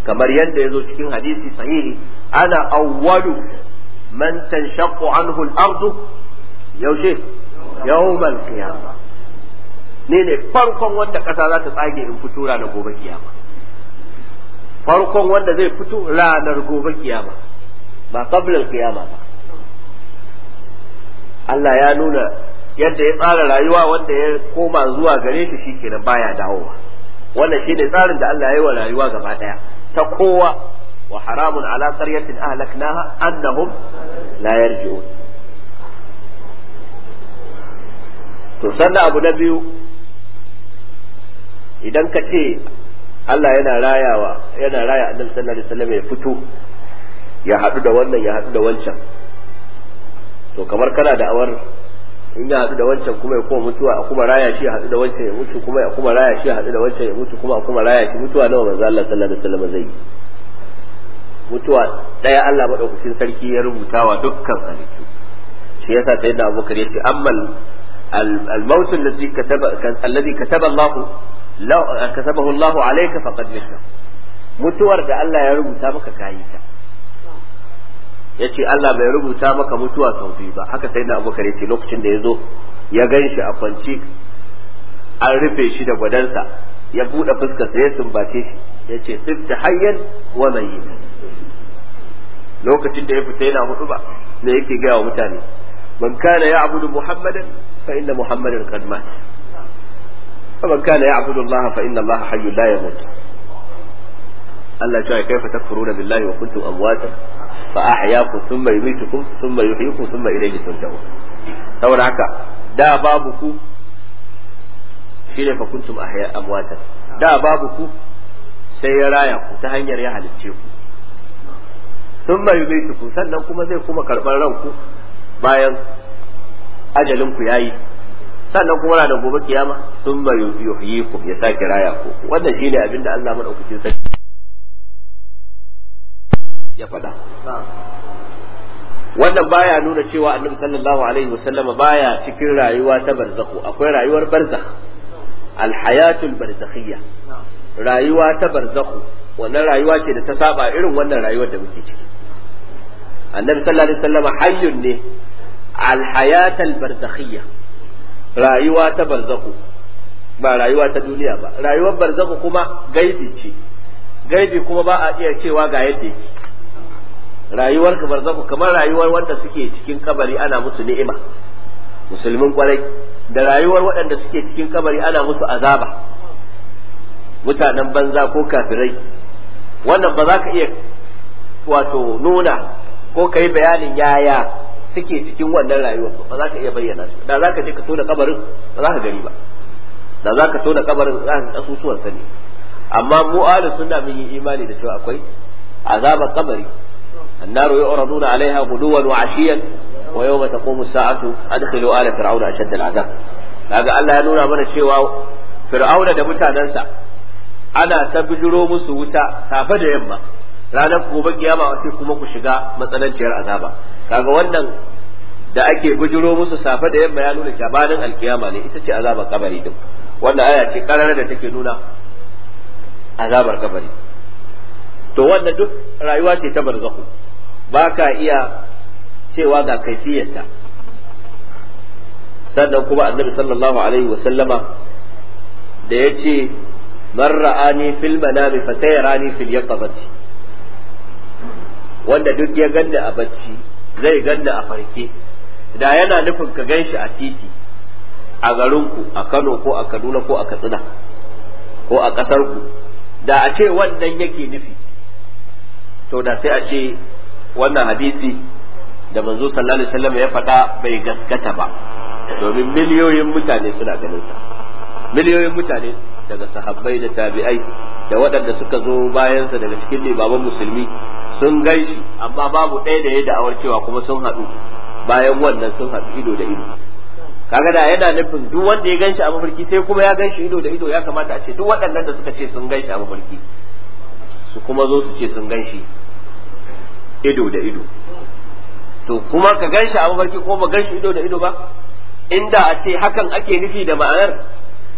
kamar yadda ya zo cikin hadisi sahihi ana awwalu man tanshaqqu anhu al-ardu yaushe yawmal qiyamah ne ne farkon wanda ƙasa za ta tsage in fito ranar gobe kiyama farkon wanda zai fito ranar gobe kiyama ba qablal kiyama ba Allah ya nuna yadda ya tsara rayuwa wanda ya koma zuwa gare shi shikenan baya dawowa wannan shine tsarin da Allah ya yi wa rayuwa gaba daya ta kowa wa haramun ala qaryatin ahlaknaha annahum la yarji'un to sannan abu na biyu idan ka ce Allah yana rayawa yana raya annabi sallallahu alaihi wasallam ya fito ya haɗu da wannan ya haɗu da wancan to kamar kana da awar in ya haɗu da wancan kuma ya koma mutuwa a kuma raya shi ya haɗu da wancan ya mutu kuma ya kuma raya shi ya haɗu da wancan ya mutu kuma a kuma raya shi mutuwa nawa manzo Allah sallallahu alaihi wasallam zai yi mutuwa daya Allah madaukakin sarki ya rubuta wa dukkan halittu shi yasa sai da Abubakar yace ammal الموت الذي كتب الذي كتب الله لو كتبه الله عليك فقد مت mutuwar da Allah ya rubuta maka kayi ta ya ce Allah bai rubuta maka mutuwa sau biyu ba haka sai na abubakar ya ce lokacin da ya zo ya gan shi a kwanci an rufe shi da gwadansa ya buɗe fuskarsa ya sumbace shi ya ce tsibta hayyan wa mai lokacin da ya fita yana hudu ba me yake gaya wa mutane man kana ya abudu muhammadan fa inna muhammadan qad mat man kana ya abudu allah fa inna allah hayyun la yamut Allah ya ce kaifa takfuruna billahi wa kuntum amwatan fa ahyaku thumma yumitukum thumma yuhyikum thumma ilayhi turja'un saboda haka da babu ku shine fa kuntum ahya amwatan da babu ku sai ya raya ku ta hanyar ya halicce ku thumma yumitukum sannan kuma zai kuma karban ranku bayan ajalin ku yayi sannan kuma na da gobe kiyama sun mai yuhyikum ya sake raya ku wannan shine abin da Allah madaukakin sarki ya faɗa wannan baya nuna cewa annabi sallallahu alaihi wasallama baya cikin rayuwa ta barzakhu akwai rayuwar barzakh alhayatul barzakhiyya rayuwa ta barzakhu wannan rayuwa ce da ta saba irin wannan rayuwar da muke ciki annabi sallallahu alaihi wasallama hayyun ne alhayatul barzakhiyya rayuwa ta barzakhu ba rayuwa ta duniya ba rayuwar barzakhu kuma gaibi ce gaibi kuma ba a iya cewa ga yadda yake rayuwar ka barzaku kamar rayuwar wanda suke cikin kabari ana musu ni'ima musulmin kwarai da rayuwar waɗanda suke cikin kabari ana musu azaba mutanen banza ko kafirai wannan ba za ka iya wato nuna ko ka yi bayanin yaya suke cikin wannan rayuwar ba za ka iya bayyana su da za ka je ka tona kabarin ba za ka gari ba da za ka tona kabarin za ka kasusuwan sani amma mu suna sunna mun yi imani da cewa akwai azaba kabari النار يعرضون عليها غدوا وعشيا ويوم تقوم الساعة أدخلوا آل فرعون أشد العذاب هذا الله ينونا من الشيواء فرعون دمتا ننسى أنا تبجروا مسوتا تابد يما ranar gobe kiyama sai kuma ku shiga matsananciyar azaba kaga wannan da ake bujuro musu safe da yamma ya nuna jabanin alkiyama ne ita ce azabar kabari din wannan aya ce karar da take nuna azabar kabari to wannan duk rayuwa ce ta barzahu ba ka iya cewa ga kaifiyarta sannan kuma annabi sallallahu alaihi wasallama da ya ce man ra'ani fil manami fa sayarani fil yaqabati wanda duk ya ganda a bacci zai ganda a farke da yana nufin ka ganshi a titi a garinku a Kano ko a Kaduna ko a Katsina ko a ƙasarku da a ce wannan yake nufi to da sai a ce wannan hadisi da manzo sallallahu alaihi wasallam ya faɗa bai gaskata ba domin miliyoyin mutane suna ganin sa miliyoyin mutane daga sahabbai da tabi'ai da waɗanda suka zo bayansa daga cikin limaman musulmi sun gaishi amma babu ɗaya da ya da'awar cewa kuma sun haɗu bayan wannan sun haɗu ido da ido kaga da yana nufin duk wanda ya ganshi a mafarki sai kuma ya ganshi ido da ido ya kamata a ce duk waɗannan da suka ce sun ganshi a mafarki su kuma zo su ce sun ganshi ido da ido to kuma ka ganshi a mafarki ko ba ganshi ido da ido ba inda a ce hakan ake nufi da ma'anar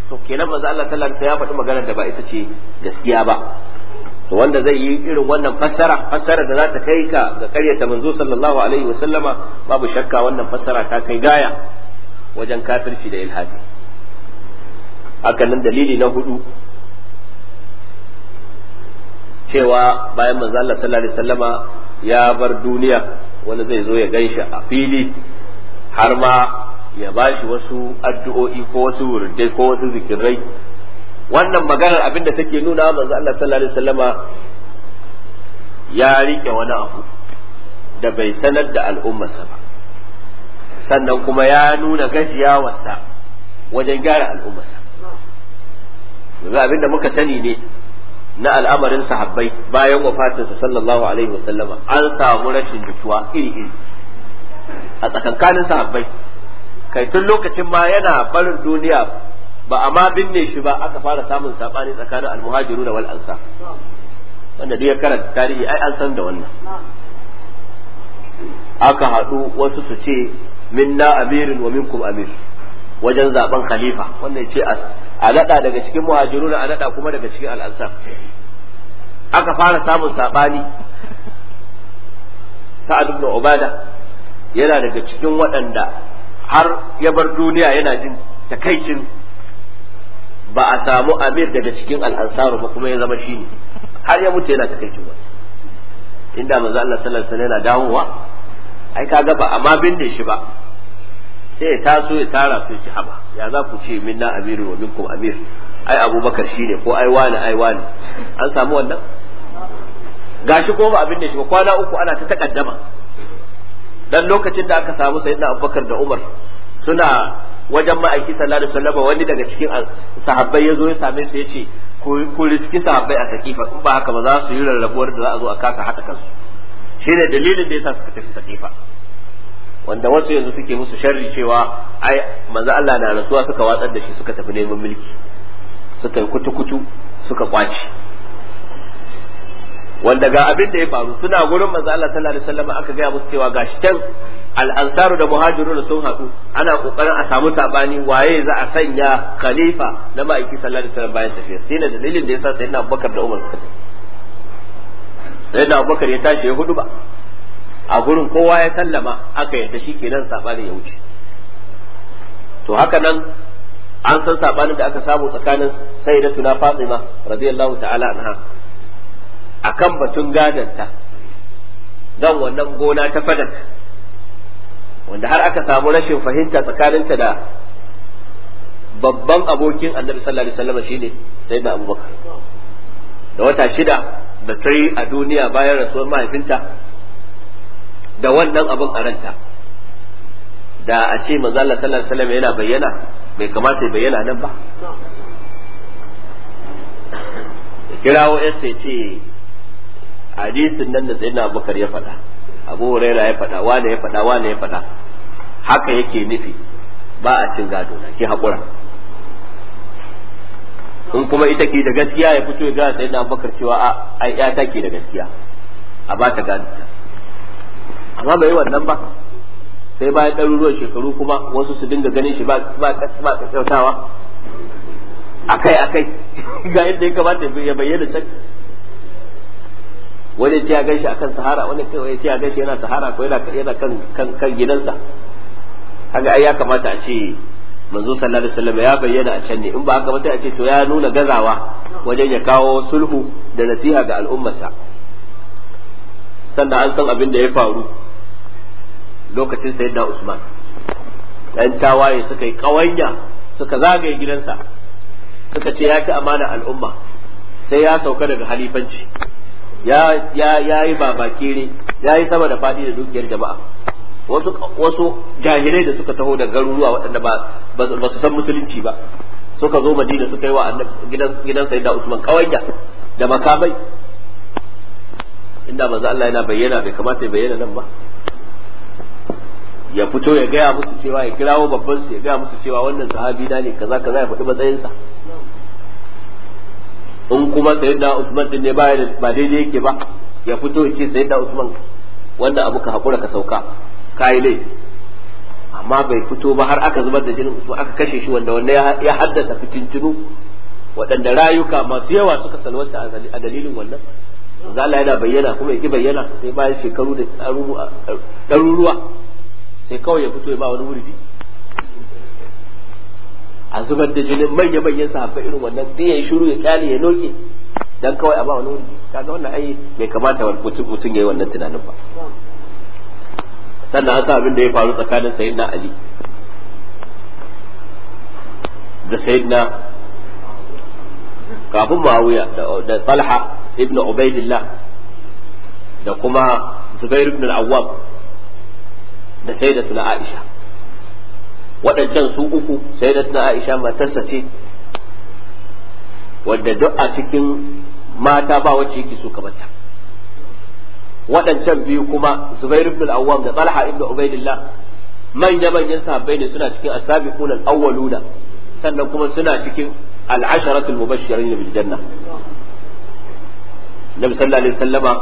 to kenan manzo Allah sallallahu alaihi wasallam ya faɗi maganar da ba ita ce gaskiya ba to wanda zai yi irin wannan fassara fassara da za ta kai ka ga ƙaryata manzo sallallahu alaihi wasallama babu shakka wannan fassara ta kai gaya wajen kafirci da ilhadi haka nan dalili na hudu cewa bayan manzo Allah sallallahu alaihi wasallama ya bar duniya wani zai zo ya ganshi a fili har ma ya ba shi wasu addu'o'i ko wasu wurde ko wasu zikirai wannan maganar abin da take nuna manzo Allah sallallahu alaihi wasallama ya rike wani abu da bai sanar da al'ummarsa ba sannan kuma ya nuna gajiya wasa wajen gyara al'ummarsa za abin da muka sani ne na al'amarin sahabbai bayan wafatinsa sallallahu alaihi wasallama an samu rashin jituwa iri-iri a tsakankanin sahabbai kai tun lokacin ma yana barin duniya ba a ma binne shi ba aka fara samun sabani tsakanin almuhajiru da wal ansa wanda duk ya karanta tarihi ai an san da wannan aka haɗu wasu su ce minna amirin wa minkum amir wajen zaben khalifa wanda ce a. a nada daga cikin muhajiruna a nada kuma daga cikin al'ansar aka fara samun sabani sa'ad ibn ubada yana daga cikin waɗanda har ya bar duniya yana jin takaicin ba a samu amir daga cikin al'ansaru ba kuma ya zama shi ne har ya mutu yana takaicin ba inda manzo Allah sallallahu alaihi wasallam yana dawowa ai kaga ba amma binne shi ba sai ya taso ya tara su ci haba ya za ku ce minna amiru wa minkum amir ai abubakar shine ko ai wani ai wani an samu wannan gashi ko ba abin da shi ba kwana uku ana ta takaddama dan lokacin da aka samu sayyidina abubakar da umar suna wajen ma'aiki sallallahu alaihi wasallam wani daga cikin sahabbai ya zo ya same su ya ce ku riski sahabbai a sakifa in ba haka ba za su yi rarrabuwar da za a zo a kasa haɗa kansu shine dalilin da yasa suka tafi sakifa wanda wasu yanzu suke musu sharri cewa ai manzo Allah na rasuwa suka watsar da shi suka tafi neman mulki suka yi kutu-kutu suka kwaci wanda ga abin da ya faru suna gurin manzo Allah sallallahu alaihi wasallam aka gaya musu cewa gashi can al-ansaru da muhajirun sun haɗu ana kokarin a samu sabani waye za a sanya khalifa na ma'aiki sallallahu alaihi wasallam bayan tafiya sai da dalilin da yasa sayyidina Abubakar da Umar suka tafi Abubakar ya tashi ya hudu ba a gurin kowa ya sallama aka yadda shi kenan saɓanin ya wuce to haka nan an san saɓanin da aka samu tsakanin sai sayyidatuna Fatima radiyallahu ta'ala anha kan batun gadanta don wannan gona ta fadak wanda har aka samu rashin fahimta tsakaninta da babban abokin annabi sallallahu alaihi wasallam shine sai da abubakar da wata shida da ta yi a duniya bayan rasuwar mahaifinta da wannan abin a ranta da a ce manzo sallallahu alaihi wasallam yana bayyana bai kamata ya bayyana nan ba kirawo yarsa ya ce hadisin nan da na Abubakar ya faɗa Abu Huraira ya faɗa wane ya faɗa wane ya faɗa haka yake nufi ba a cin gado na ki haƙura in kuma ita ke da gaskiya ya fito ya gaya na Abubakar cewa a ai ya ke da gaskiya a ba ta gado ta amma bai wannan ba sai bayan ɗaruruwan shekaru kuma wasu su dinga ganin shi ba kakkautawa akai akai ga yadda ya kamata ya bayyana can wani ce ya ganshi akan sahara wani ce ya ganshi yana sahara ko yana kan kan gidansa kaga ai ya kamata a ce manzo sallallahu alaihi wasallam ya bayyana a can ne in ba haka ba sai a ce to ya nuna gazawa wajen ya kawo sulhu da nasiha ga al'ummarsa sannan an san abin da ya faru lokacin sayyidina Usman ɗan tawaye suka yi ƙawanya suka zagaye gidansa suka ce ya fi amana al'umma sai ya sauka daga halifanci ya ya yi babakire ya yi sama da faɗi da dukiyar jama'a wasu jahilai da suka taho da garuruwa waɗanda ba su san musulunci ba suka zo madina suka yi wa gidan gidan Usman ƙawanya da makamai inda manzo Allah yana bayyana bai kamata ya bayyana nan ba ya fito ya gaya musu cewa ya kirawo babban su ya gaya musu cewa wannan sahabi na ne kaza kaza ya faɗi matsayinsa in kuma sayyidina Usman din ne ba daidai yake ba ya fito ya ce sayyidina Usman wanda abu ka hakura ka sauka kai laifi amma bai fito ba har aka zubar da jinin Usman aka kashe shi wanda wanda ya haddasa fitintinu waɗanda rayuka masu yawa suka salwanta a dalilin wannan zala yana bayyana kuma ya bayyana sai bayan shekaru da ɗaruruwa sai kawai ya fito ya ba wani wuri a zubar da jinin manya manyan sahabbai irin wannan sai ya shiru ya kyale ya noke dan kawai a ba wani wuri kaga wannan ai bai kamata wani mutum mutum yayi wannan tunanin ba sannan an sa abin da ya faru tsakanin sayyidina ali da sayyidina kafin muawiya da talha ibn ubaidillah da kuma zubair ibn al-awwab da sayyidatuna Aisha waɗancan su uku sayyidatuna Aisha matarsa ce wadda duk a cikin mata ba wacce yake so kamar ta waɗancan biyu kuma Zubair ibn al-Awwam da Talha ibn Ubaidillah manya manyan sahabbai ne suna cikin as-sabiquna al-awwaluna sannan kuma suna cikin al-asharatul mubashshirin bil janna Nabi sallallahu alaihi wasallama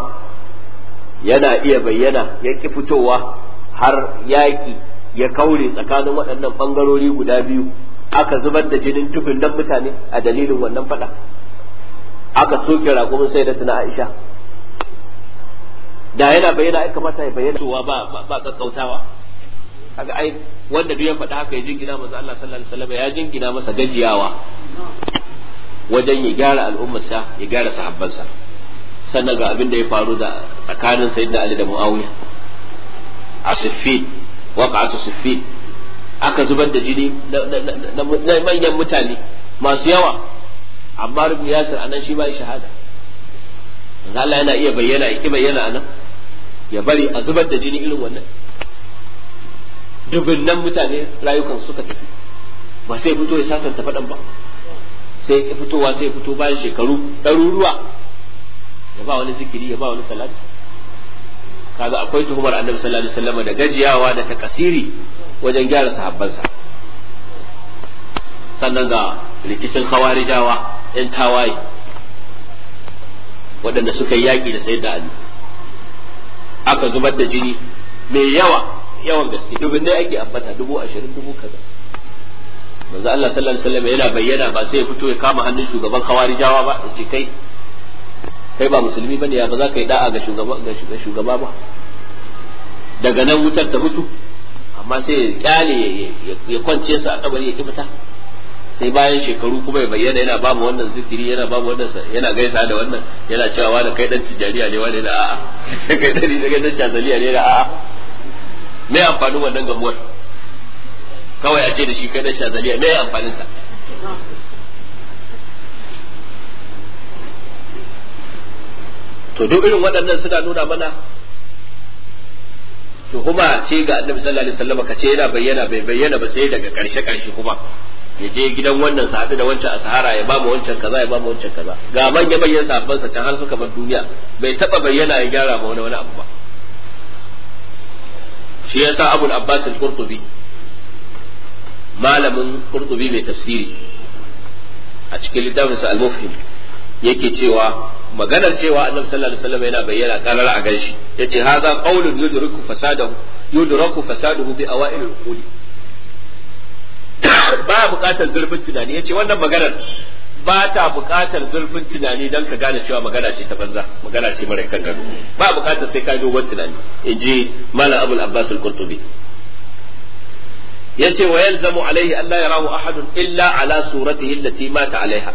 yana iya bayyana ya fitowa har yaƙi ya kaure tsakanin waɗannan ɓangarori guda biyu aka zubar da jinin tufin dan mutane a dalilin wannan faɗa aka soke raƙumin sai da tuna aisha da yana bayyana aika mata ya bayyana cewa ba ba kakkautawa kaga ai wanda duk ya faɗa haka ya jingina manzo Allah sallallahu alaihi wasallam ya jingina masa gajiyawa wajen ya gyara al'ummarsa ya gyara sahabbansa sannan ga abin da ya faru da tsakanin sayyidina Ali da Muawiya a siffin waqa'atu siffin aka zubar da jini na manyan mutane masu yawa amma rubu yasir anan shi ba shahada Allah yana iya bayyana ya bayyana anan ya bari a zubar da jini irin wannan dubinnan mutane rayukan suka tafi ba sai fito ya sasanta faɗan ba sai fitowa sai fito bayan shekaru ɗaruruwa ya ba wani zikiri ya ba wani salati kaga akwai tuhumar annabi sallallahu alaihi wasallam da gajiyawa da takasiri wajen gyara sahabbansa sannan ga rikicin khawarijawa yan tawaye waɗanda suka yi yaƙi da sayyidina ali aka zubar da jini mai yawa yawan gaske dubin ne ake ambata dubu ashirin dubu kaza manzo Allah sallallahu alaihi wasallam yana bayyana ba sai ya fito ya kama hannun shugaban khawarijawa ba ya ce kai kai ba musulmi bane ya ba za ka yi da'a ga shugaba ga shugaba ba daga nan wutar ta mutu amma sai ya kyale ya kwance su a kabari ya ki fita sai bayan shekaru kuma ya bayyana yana ba mu wannan zikiri yana babu wannan yana gaisa da wannan yana cewa wani kai dan tijariya ne wani da a'a kai dan kai dan shazaliya ne da a'a me amfanin wannan gamuwar kawai a ce da shi kai dan shazaliya me amfanin sa to duk irin waɗannan suna nuna mana to kuma ce ga annabi sallallahu alaihi wasallam ka ce yana bayyana bai bayyana ba sai daga karshe karshe kuma ya je gidan wannan sa da wancan a sahara ya mu wancan kaza ya mu wancan kaza ga manya bayyana sahabban sa ta har suka bar duniya bai taba bayyana ya gyara ma wani wani abu ba shi yasa abul abbas al-qurtubi malamin qurtubi mai tafsiri a cikin littafinsa al-mufhim yake cewa maganar cewa annabi sallallahu alaihi wasallam yana bayyana karar a ganshi yace hadha qaulun yudraku fasadahu yudraku fasaduhu bi awail al-uquli ba buƙatar zurfin tunani yace wannan maganar ba ta buƙatar zurfin tunani dan ka gane cewa magana ce ta banza magana ce mara kan gado ba buƙatar sai ka yi dogon tunani inji malam abul abbas al-qurtubi yace wa yalzamu alaihi an la yarahu ahadun illa ala suratihi allati mata alaiha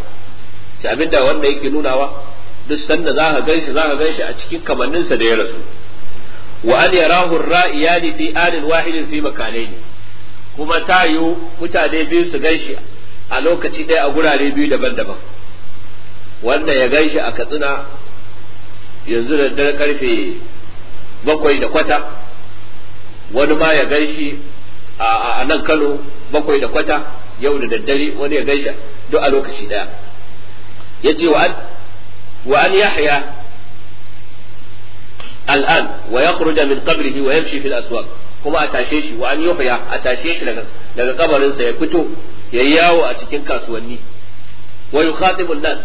Ta abinda wanda yake nunawa duk sanda za ka ganshi za ka shi a cikin kamanninsa da ya rasu wa an yarahu ra'iyani fi alin wahidin fi ne. kuma ta yiwu mutane biyu su ganshi a lokaci ɗaya a gurare biyu daban-daban wanda ya ganshi a katsina yanzu da dare karfe bakwai da kwata wani ma ya ganshi a nan kano bakwai da kwata yau da daddare wani ya shi duk a lokaci ɗaya ya ce wa وأن يحيى الآن ويخرج من قبره ويمشي في الأسواق kuma a tashe shi wa an a tashe shi daga daga kabarinsa ya fito ya yawo a cikin kasuwanni wa yukhatibun nas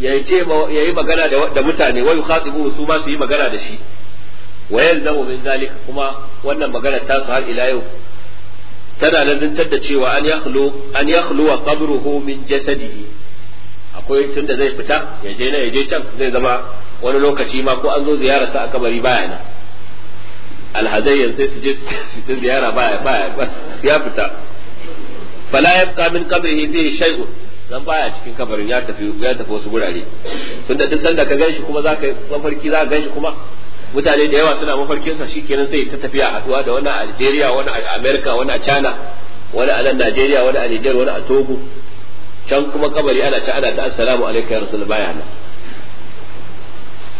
ya yi magana da mutane wa yukhatibu su ma su yi magana da shi wa min zalika kuma wannan maganar ta su har yau tana lazantar da cewa an yakhlu an yakhlu akwai tun da zai fita ya je na ya je can zai zama wani lokaci ma ko an zo ziyara sa a kabari baya na. alhazai yanzu sai su je su ta ziyara baya baya ya fita fala ya yabqa min zai fi shay'un zan baya cikin kabarin ya tafi ya tafi wasu gurare tunda duk sanda ka ganshi kuma za ka mafarki za zaka ganshi kuma mutane da yawa suna mafarkin sa shikenan sai ta tafiya haduwa da wani a Algeria wani a America wani a China wani a nan Najeriya wani a Niger wani a Togo can kuma kabari ana ci ana ta assalamu alaikum ya rasul baya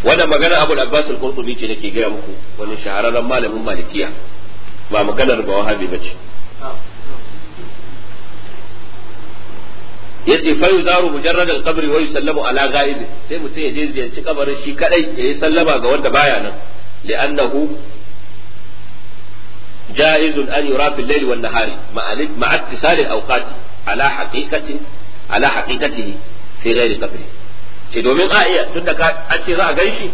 wannan magana abul abbas al-qurtubi ce nake gaya muku wani shahararren malamin malikiya ba maganar ba wahabi bace yace fa yuzaru mujarrad al-qabr wa yusallamu ala ghaib sai mutum ya je ziyarci kabarin shi kadai ya yi sallama ga wanda baya nan li'annahu جائز أن يرى في الليل والنهار مع مع اتصال الأوقات على حقيقة ala haqiqatihi fi ghairi qabri ce domin a iya tunda ka an ce za a ganshi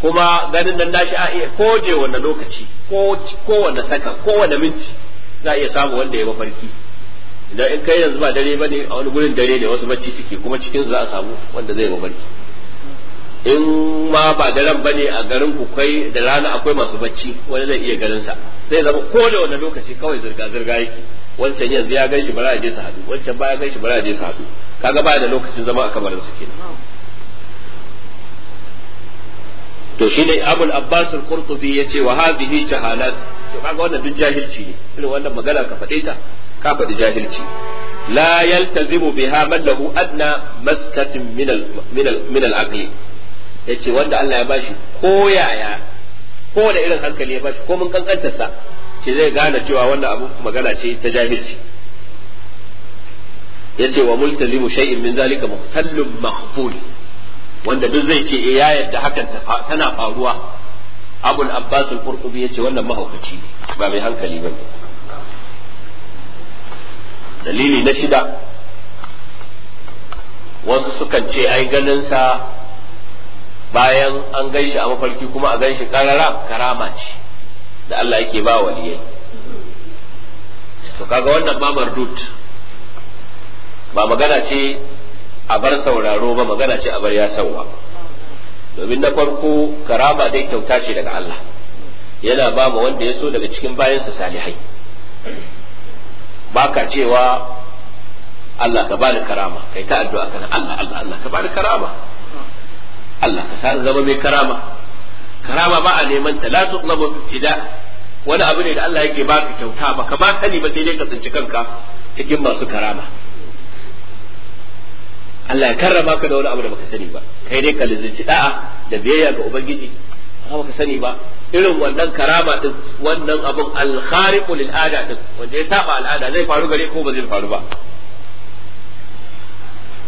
kuma ganin nan nashi a iya ko je wanda lokaci ko ko wanda saka ko wanda minti za a iya samu wanda ya mafarki idan in kai yanzu ba dare bane a wani gurin dare ne wasu bacci suke kuma cikin za a samu wanda zai mafarki in ma ba daren bane a garin ku kai da rana akwai masu bacci wani zai iya garinsa. sa sai zama ko da wani lokaci kawai zirga zirga yake wancan yanzu ya gaishe bara je su haɗu wancan baya ganshi bara je su hadu kaga baya da lokacin zama a kabarin su kenan to shi ne abul abbas al-qurtubi yace wa hadhihi jahalat to kaga wannan duk jahilci ne irin wannan magana ka fade ta ka faɗi jahilci la yaltazimu biha man lahu adna maskatin min min al-aqli yace wanda Allah ya bashi koyaya ko da irin hankali ya bashi ko mun kankanta sa ce zai gane cewa wannan abu magana ce ta jahilci ce wa multazimu shay'in min zalika muhtallun maqbul wanda duk zai ce eh, ya yadda hakan tana faruwa abul abbas al-qurtubi yace wannan mahaukaci ne ba mai hankali ba dalili na shida wasu sukan ce ai ganin sa bayan an gaishe a mafarki kuma a ganshi karara karama ce da Allah yake ba waliyai to kaga wannan ma mardut ba magana ce a bar sauraro ba magana ce a bar ya sauwa domin na farko karama dai kyauta ce daga Allah yana ba ma wanda ya so daga cikin bayansa salihai ba ka cewa Allah ka bani karama kai ta addu'a kana Allah Allah Allah ka bani karama Allah ka sa zama mai karama karama ba a neman ta la tuqlabu ibtida wani abu ne da Allah yake ba ka kyauta ba ka ba sani ba sai dai ka tsinci kanka cikin masu karama Allah ya karrama ka da wani abu da baka sani ba kai dai ka lizinci da'a da biyayya ga ubangiji ba baka sani ba irin wannan karama din wannan abun al-khariqu lil ada din wanda ya saba al'ada zai faru gare ko ba zai faru ba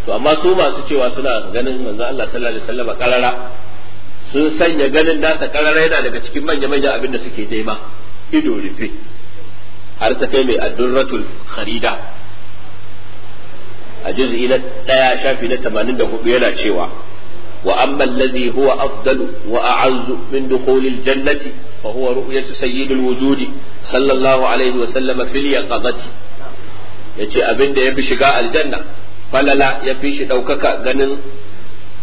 to amma su masu cewa suna ganin manzo Allah sallallahu alaihi wasallam karara sun sanya ganin nasa karara yana daga cikin manya manya abin da suke nema ido rufe har ta kai mai addurratul kharida a juz'i na daya shafi na hudu yana cewa wa amma alladhi huwa afdalu wa a'azzu min dukhulil jannati fa huwa ru'yatu sayyidil wujudi sallallahu alaihi wa sallama fil yaqadati yace abin da yafi shiga aljanna falala yafi shi daukaka ganin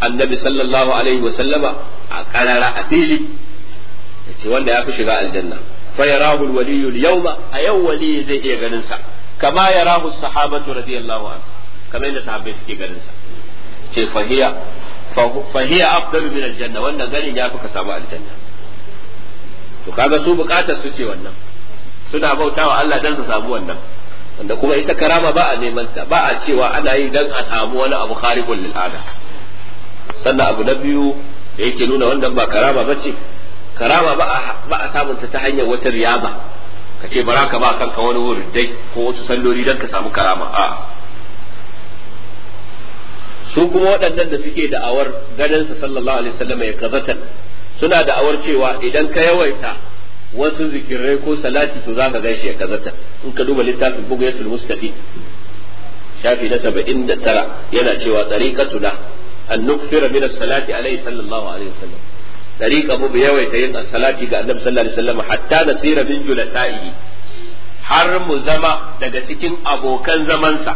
annabi sallallahu alaihi wasallama a karara a fili yace wanda ya fi shiga aljanna fa yarahu alwaliyu alyawma yawma a yau wali zai iya ganin sa kama yarahu sahabatu radiyallahu anhu kamar yadda sahabbai suke ganin sa ce fahiya fahiya afdalu min aljanna wannan ganin ya fi ka samu aljanna to kaga su bukatar su ce wannan suna bautawa Allah dan su samu wannan wanda kuma ita karama ba a neman ta ba a cewa ana yi dan a samu wani abu kharibul lil sannan abu na biyu da yake nuna wannan ba karama bace karama ba a samunta ta hanyar wata riyaba ka ce ba ka ba kanka wani wurin dai ko wasu sallori don ka samu karama a su kuma waɗannan da suke da'awar su sallallahu alaihi wasallam ya kazatan suna da'awar cewa idan ka yawaita wasu zikirai ko salati to za ka gan shi ya kazatan in ka duba littafin bugu ya shafi na saba'in da tara yana cewa tsariƙatuna an nukfira min as-salati alayhi sallallahu alaihi wasallam dariqa mu yawaita yin salati ga annabi sallallahu alaihi wasallam hatta nasira min julasa'ihi har mu zama daga cikin abokan zamansa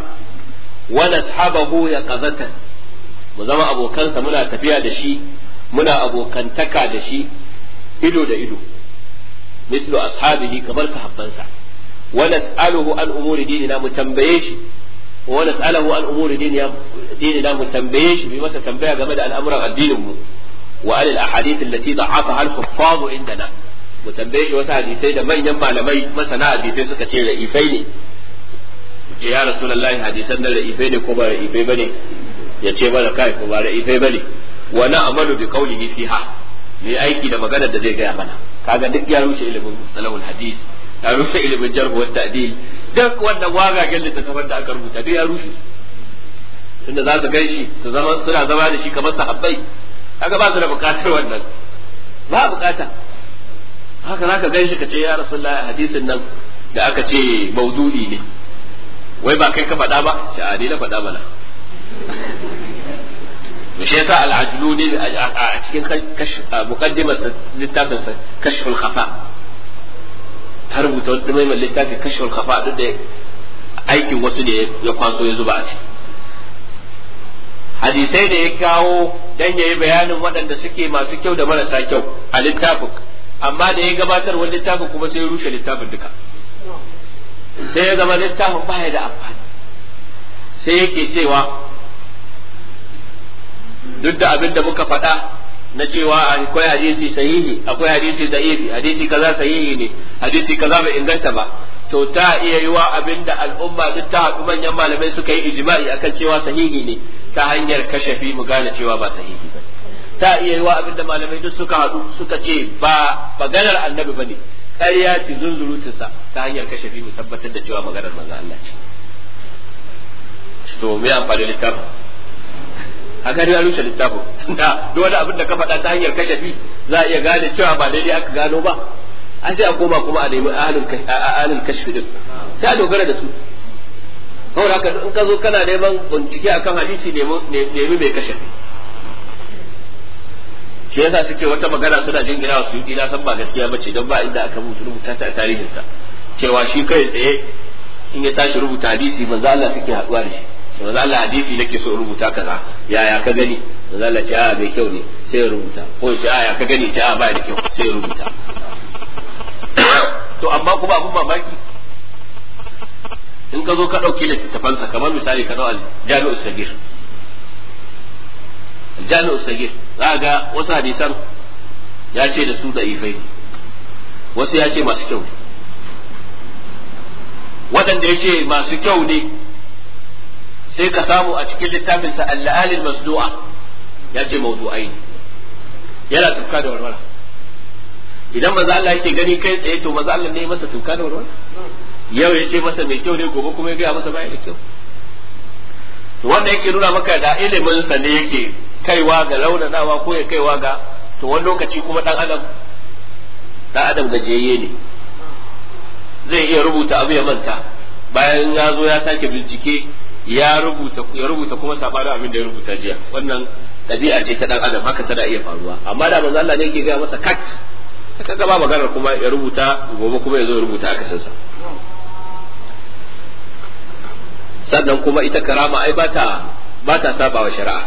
wa nashabahu ya qazatan mu zama abokansa muna tafiya da shi muna abokantaka da shi ido da ido mislu ashabihi kamar sahabbansa wa nas'aluhu an umuri dinina mu tambaye shi wa salahu an umuri dinina mu tambaye shi bi masa tambaya game da al'amuran addinin mu wa alil al ahadith allati da'afaha al huffaz indana mu tambaye shi wasu hadisai da manyan malamai masana hadisai suka ce ra'ifai ne ce ya rasulullahi hadisan na ra'ifai ne ko ba ra'ifai bane ya ce mana kai ko ba ra'ifai bane wa na'malu bi qawlihi fiha mu aiki da maganar da zai gaya mana kaga duk ya rushe ilimin salahul hadisi a rufe ilimin jarh wa ta'dil duk wannan wagagen littattafan da aka rubuta duk ya rufe inda za su ganshi su zama suna zama da shi kamar sahabbai kaga ba su da bukatar wannan ba bukata haka za zaka ganshi ka ce ya rasulullahi hadisin nan da aka ce maudu'i ne wai ba kai ka faɗa ba ce ni na faɗa mana mu shi yasa al-ajluni a cikin muqaddimar littafin kashful khafa ta rubuta wani ɗumai mai littafi wani kafa duk da aikin wasu ne ya kwaso ya zuba a ciki hadisai da ya kawo dan yayi bayanin waɗanda suke masu kyau da marasa kyau a littafin amma da ya gabatar wani littafin kuma sai ya rushe littafin duka sai ya zama littafin baya da amfani sai yake cewa duk da abin da muka faɗa na cewa akwai hadisi sahihi akwai hadisi da'ifi hadisi kaza sahihi ne hadisi kaza bai inganta ba to ta iya yiwa abinda al'umma duk ta haɗu manyan malamai suka yi ijma'i akan cewa sahihi ne ta hanyar kashafi mu gane cewa ba sahihi ba ta iya yiwa abinda malamai duk suka haɗu suka ce ba maganar annabi bane ƙarya ci zunzurutunsa ta hanyar kashafi mu tabbatar da cewa maganar manzo Allah ce to me amfani littafin a gari ya rushe littafin da duk wani abin da ka faɗa ta hanyar kashafi za a iya gane cewa ba daidai aka gano ba an sai a koma kuma a nemi ahalin kashfi din sai a dogara da su kawai haka in ka zo kana neman bincike akan hadisi nemi mai kashafi shi yasa suke wata magana suna jingina wa su na san ba gaskiya bace don ba inda aka mutu rubuta ta tarihinsa cewa shi kai tsaye in ya tashi rubuta hadisi manzo Allah suke haɗuwa da shi manzo Allah hadisi nake so rubuta kaza yaya ka gani manzo Allah ya ah, bai kyau ne sai ya rubuta ko ya yaya ah, ka gani ta ah, ba da kyau sai ya rubuta to amma kuma abun mamaki in ka zo ka ɗauki sa kamar misali ka ɗau jami'u sagir jami'u sagir za ga wasu hadisan ya ce da su da'ifai wasu ya ce masu kyau waɗanda ya ce masu kyau ne sai ka samu a cikin littafin sa al-la'al masdua ya ce mawdu'ai yana tuka da warwara idan maza Allah yake gani kai tsaye to maza Allah ne masa tuka da warwara yau ya ce masa mai kyau ne gobe kuma ya gaya masa bai da kyau to wanda yake nuna maka da ilimin sa ne yake kaiwa ga launanawa ko ya kaiwa ga to wani lokaci kuma dan adam dan adam gajiyayye ne zai iya rubuta abu ya manta bayan ya zo ya sake bincike ya rubuta ya rubuta kuma sabanin abin da ya rubuta jiya wannan ɗabi'a ce ta dan adam haka tana iya faruwa amma da manzo Allah ne yake ga masa kat ka ga ba magana kuma ya rubuta gobe kuma ya zo rubuta aka sa sannan kuma ita karama ai bata bata saba wa shari'a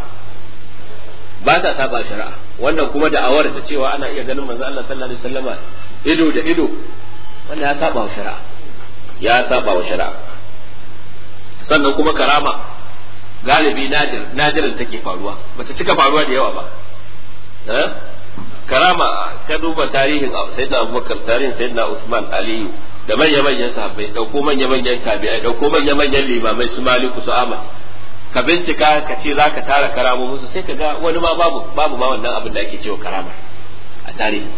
bata saba shari'a wannan kuma da awar ta cewa ana iya ganin manzo Allah sallallahu alaihi wasallama ido da ido wannan ya saba wa shari'a ya saba wa shari'a sannan kuma karama galibi nadir nadirin take faruwa ba ta cika faruwa da yawa ba eh? karama ka duba tarihin sayyidina abubakar tarihin sayyidina usman aliyu da manya manyan sahabbai dauko manya manyan tabi'ai dauko manya manyan limamai su maliku su ahmad ka bincika ka ce ka tara karamu musu sai ka ga wani ma babu babu ma wannan abin da ake cewa karama a tarihi.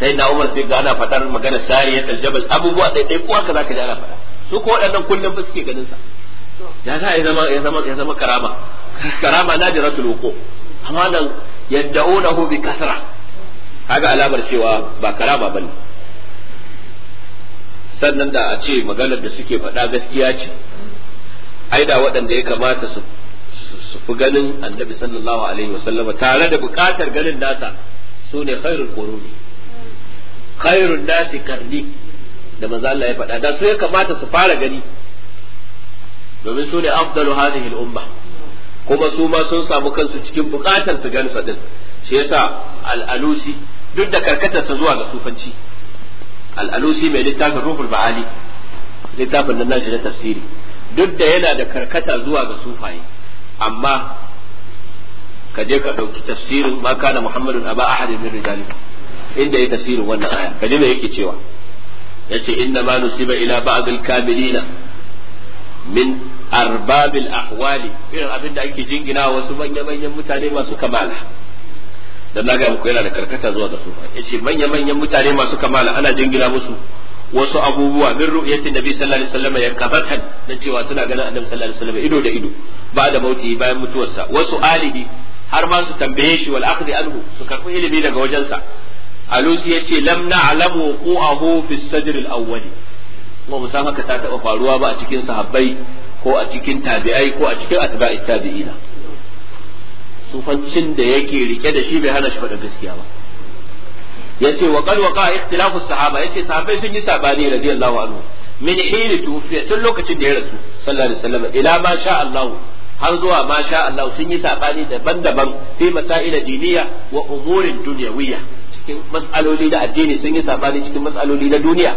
sai umar sai ga ana fadar magana sariyatul jabal abubuwa ɗaiɗai kuwa ka ka ji ana fada su ko waɗannan kullum ba suke ganin sa ya za ya zama ya zama ya zama karama karama jira tuloko amma nan yadda ko bi kasra kaga alamar cewa ba karama bane sannan da a ce maganar da suke faɗa gaskiya ce ai da waɗanda ya kamata su su fi ganin annabi sallallahu alaihi wasallam tare da buƙatar ganin nasa su ne khairul quruni khairun nasi karni da manzo Allah ya faɗa da su ya kamata su fara gani domin su ne afdalu hadhihi al-umma kuma su ma sun samu kansu cikin bukatar su gani sadin shi yasa al-alusi duk da karkatar sa zuwa ga sufanci al-alusi mai littafin ruhul ba'ali littafin nan nashi na tafsiri duk da yana da karkata zuwa ga sufaye amma ka je ka ɗauki tafsirin ma kana muhammadun aba ahadin min rijalikum inda ya tafsirin wannan aya ka je me yake cewa yace inna ma nusiba ila ba'd al-kamilina min arbab al-ahwali irin abin da ake jingina wasu manya-manyan mutane masu kamala dan naga muku yana da karkata zuwa ga sufa yace manya-manyan mutane masu kamala ana jingina musu wasu abubuwa min ru'yati nabi sallallahu alaihi wasallam ya kabatan da cewa suna ganin annabi sallallahu alaihi wasallam ido da ido ba da mauti bayan mutuwarsa wasu alihi har ma su tambaye shi wal akhdi anhu su karbi ilimi daga wajensa alusi ya ce lam na'lamu a fi sadr al-awwali kuma mu san haka ta taba faruwa ba a cikin sahabbai ko a cikin tabi'ai ko a cikin atba'i tabi'ina sufancin da yake rike da shi bai hana shi faɗa gaskiya ba yace wa qad waqa ikhtilafu sahaba yace sahabbai sun yi sabani radiyallahu anhu min hili tufi tun lokacin da ya rasu sallallahu alaihi wasallam ila ma sha har zuwa ma sha Allah sun yi sabani daban-daban fi masail diniya wa umurin dunyawiyya cikin matsaloli na addini sun yi sabani cikin matsaloli na duniya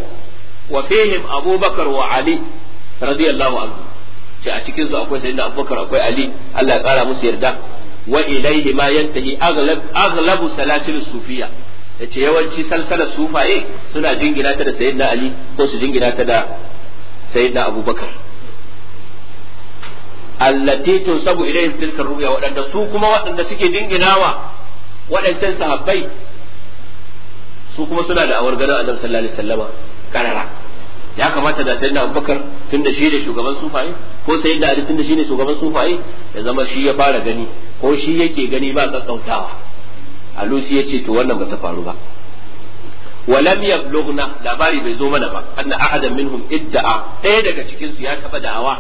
wa fihim abubakar wa ali radiyallahu anhu ce a cikin su akwai sayyidina abubakar akwai ali Allah ya kara musu yarda wa ilaihi ma yantahi aghlab aghlabu salatil Sufiya. yace yawanci salsalar sufaye suna jingina ta da sayyidina ali ko su jingina ta da sayyidina abubakar allati tunsabu ilaihim tilka ruya waɗanda su kuma waɗanda suke dinginawa waɗancan sahabbai su kuma suna da awar ganin annabi sallallahu alaihi wasallama karara ya kamata da sayyidina abubakar tun da shi ne shugaban sufaye ko sayyidina ali tun da shi ne shugaban sufaye ya zama shi ya fara gani ko shi yake gani ba kakkautawa alusi ya ce to wannan ba ta faru ba walam yablughna labari bai zo mana ba anna ahadan minhum a. ɗaya daga cikin su ya taba da'awa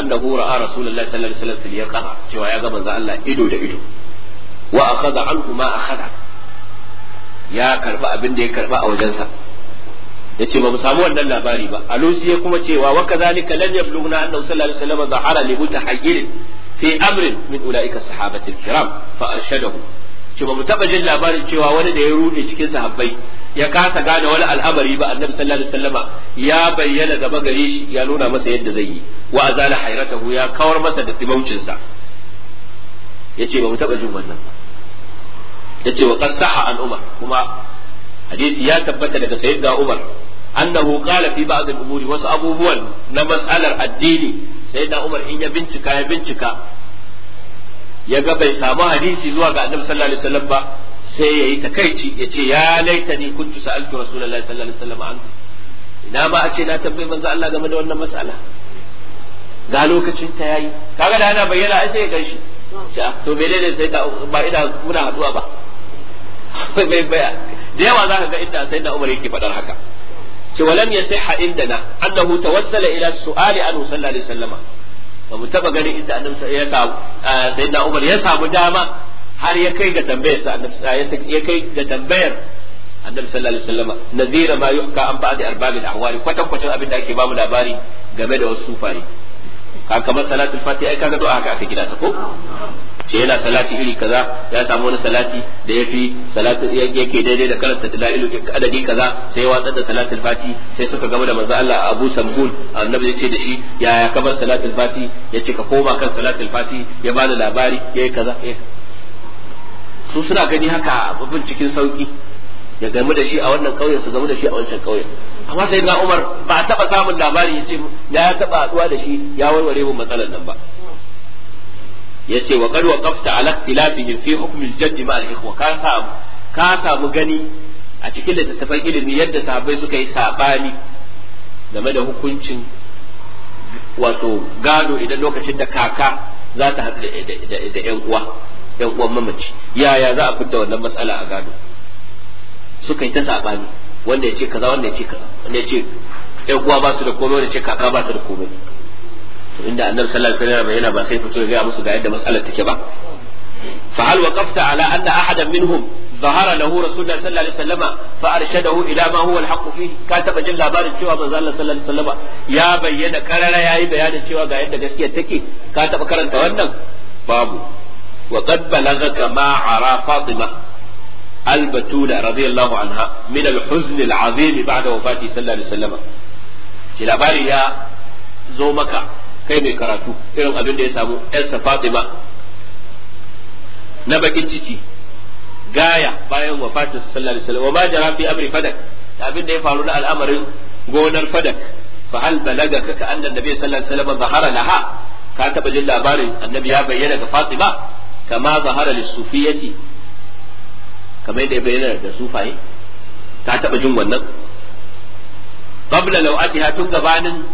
annahu ra'a rasulullahi sallallahu alaihi wasallam fil yaqra cewa ya ga manzo Allah ido da ido wa akhadha anhu ma akhadha ya karba abin da ya karba a wajensa yace ba mu samu wannan labari ba alusi ya kuma cewa wa kadhalika lan yablughna annahu sallallahu alaihi wasallam zahara li mutahayyirin fi amrin min ulaika sahabati kiram fa arshadahu ce ba mu taba jin labarin cewa wani da ya rude cikin sahabbai ya kasa gane wani al'amari ba annabi sallallahu alaihi ya bayyana gaba gare shi ya nuna masa yadda zai yi wa azala hayratahu ya kawar masa da tibaucin sa yace ba mu taba jin wannan ba yace wa qad sahha an umar kuma hadisi ya tabbata daga da umar annahu qala fi ba'd al-umuri wasu abubuwan na mas'alar addini da umar in ya bincika ya bincika ya ga bai samu hadisi zuwa ga annabi sallallahu alaihi wasallam ba sai yayi takaici yace ya laitani kuntu sa'altu rasulullahi sallallahu alaihi wasallam ina ma a ce na tambayi manzo Allah game da wannan mas'ala ga lokacin ta yayi kaga da ana bayyana ai sai ya gaishe ah, to bai ne sai ba ina muna haduwa ba baya da yawa za ka ga inda sai da Umar yake faɗar haka ce walam yasihha indana annahu tawassala ila su'ali anhu sallallahu alaihi wasallama ba mu taba gani inda annabi ya samu sayyidina Umar ya samu dama har ya kai ga tambayar sa annabi ya kai ga tambayar annabi sallallahu alaihi wasallama nadira ma yuhka an ba'd arbabil ahwali kwatan kwatan abin da ake bamu labari game da wasu sufari haka kamar salatul fatiha kaga du'a haka aka gida ta ko ce yana salati iri kaza ya samu wani salati da ya fi salati yake daidai da karanta dalilu adadi kaza sai ya watsar da salatul fati sai suka gama da manzo Allah Abu Sambul annabi ya ce da shi ya ya kabar salatul fati ya ce ka koma kan salatul fati ya bada labari yayi kaza su suna gani haka babban cikin sauki ya gamu da shi a wannan kauyen su gamu da shi a wancan kauyen amma sai na Umar ba taba samun labari ya ce ya taba haduwa da shi ya warware mu matsalar nan ba yace wa qad waqafta ala ikhtilafihim fi hukm al-jadd ma al-ikhwa ka sa ka mu gani a cikin littattafan ilimi yadda sahabbai suka yi sabani game da hukuncin wato gado idan lokacin da kaka za ta haɗu da ‘yan uwa ‘yan uwan mamaci yaya za a fidda wannan matsala a gado suka yi ta saɓani wanda ya ce kaza wanda ya ce kaza wanda ya ce ‘yan uwa ba su da komai wanda ya ce kaka ba su da komai inda annabi sallallahu alaihi wasallam yana ba sai fito ya ga musu ga yadda mas'alar take ba fa hal waqafta ala anna ahadan minhum zahara له رسول الله صلى الله عليه وسلم فارشده الى ما هو الحق ka taba jin labarin cewa manzo Allah sallallahu alaihi wasallam ya bayyana karara yayi bayanin cewa ga yadda gaskiya take ka taba karanta wannan babu wa qad balagaka ma ara fatima البتولة رضي الله عنها من الحزن العظيم بعد وفاته صلى الله عليه وسلم. في ya zo maka. kai mai karatu irin abin da ya samu yarsa Fatima na bakin ciki gaya bayan wafatin sallallahu alaihi wasallam wa ma jara fi amri fadak abin da ya faru na al'amarin gonar fadak fa hal balaga ka anna nabi sallallahu alaihi wasallam zahara laha ka taba jin labarin annabi ya bayyana ga Fatima kama zahara lisufiyati kamar da ya bayyana da sufaye ka taba jin wannan qabla law'atiha tun gabanin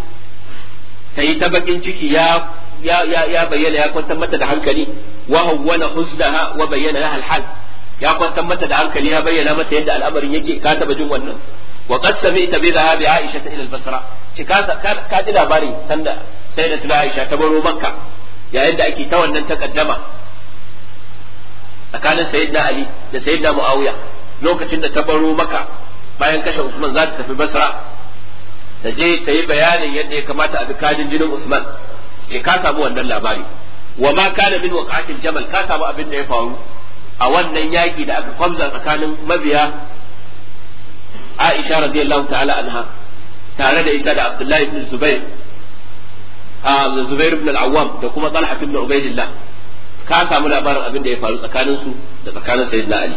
ta yi ta bakin ciki ya ya bayyana ya kwantar mata da hankali wa hawwana huzdaha wa bayyana laha alhal ya kwantar mata da hankali ya bayyana mata yadda al'amarin yake ka taba jin wannan wa qad sami'ta bi dhahabi aisha ila al-basra ci ka ka ji labarin sanda sai da tuna aisha ta baro makka yayin da ake ta wannan takaddama tsakanin sayyidina ali da sayyidina muawiya lokacin da ta baro makka bayan kashe usman za ta tafi basra ta je ta yi bayanin yadda ya kamata a bi jinin Usman ce eh, ka samu wannan labari wa ma kana min waqatil jamal ka samu abin da ya faru a wannan yaki da aka kwamza tsakanin mabiya Aisha radiyallahu ta'ala anha tare da ita da Abdullahi ibn Zubair Zubair ibn al-Awwam da kuma Talha ibn Ubaydillah ka samu labarin abin da ya faru tsakanin su da tsakanin Sayyidina Ali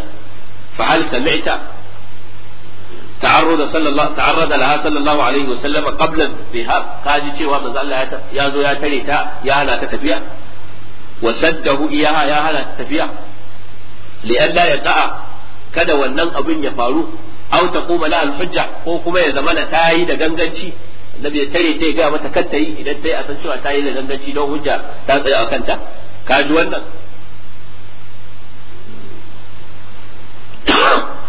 fa hal sami'ta تعرض صلى الله تعرض لها صلى الله عليه وسلم قبل الذهاب قاجي cewa manzo Allah ya zo ya tare ta ya hana ta tafiya wa saddahu iyaha ya hana ta tafiya li'alla yaqa'a kada wannan abin ya faru aw taquma la al-hujja ko kuma ya zama ta da ganganci ya tare ta ya ga mata kar ta yi idan ta yi a san cewa tayi da ganganci don hujja ta tsaya a kanta ka ji wannan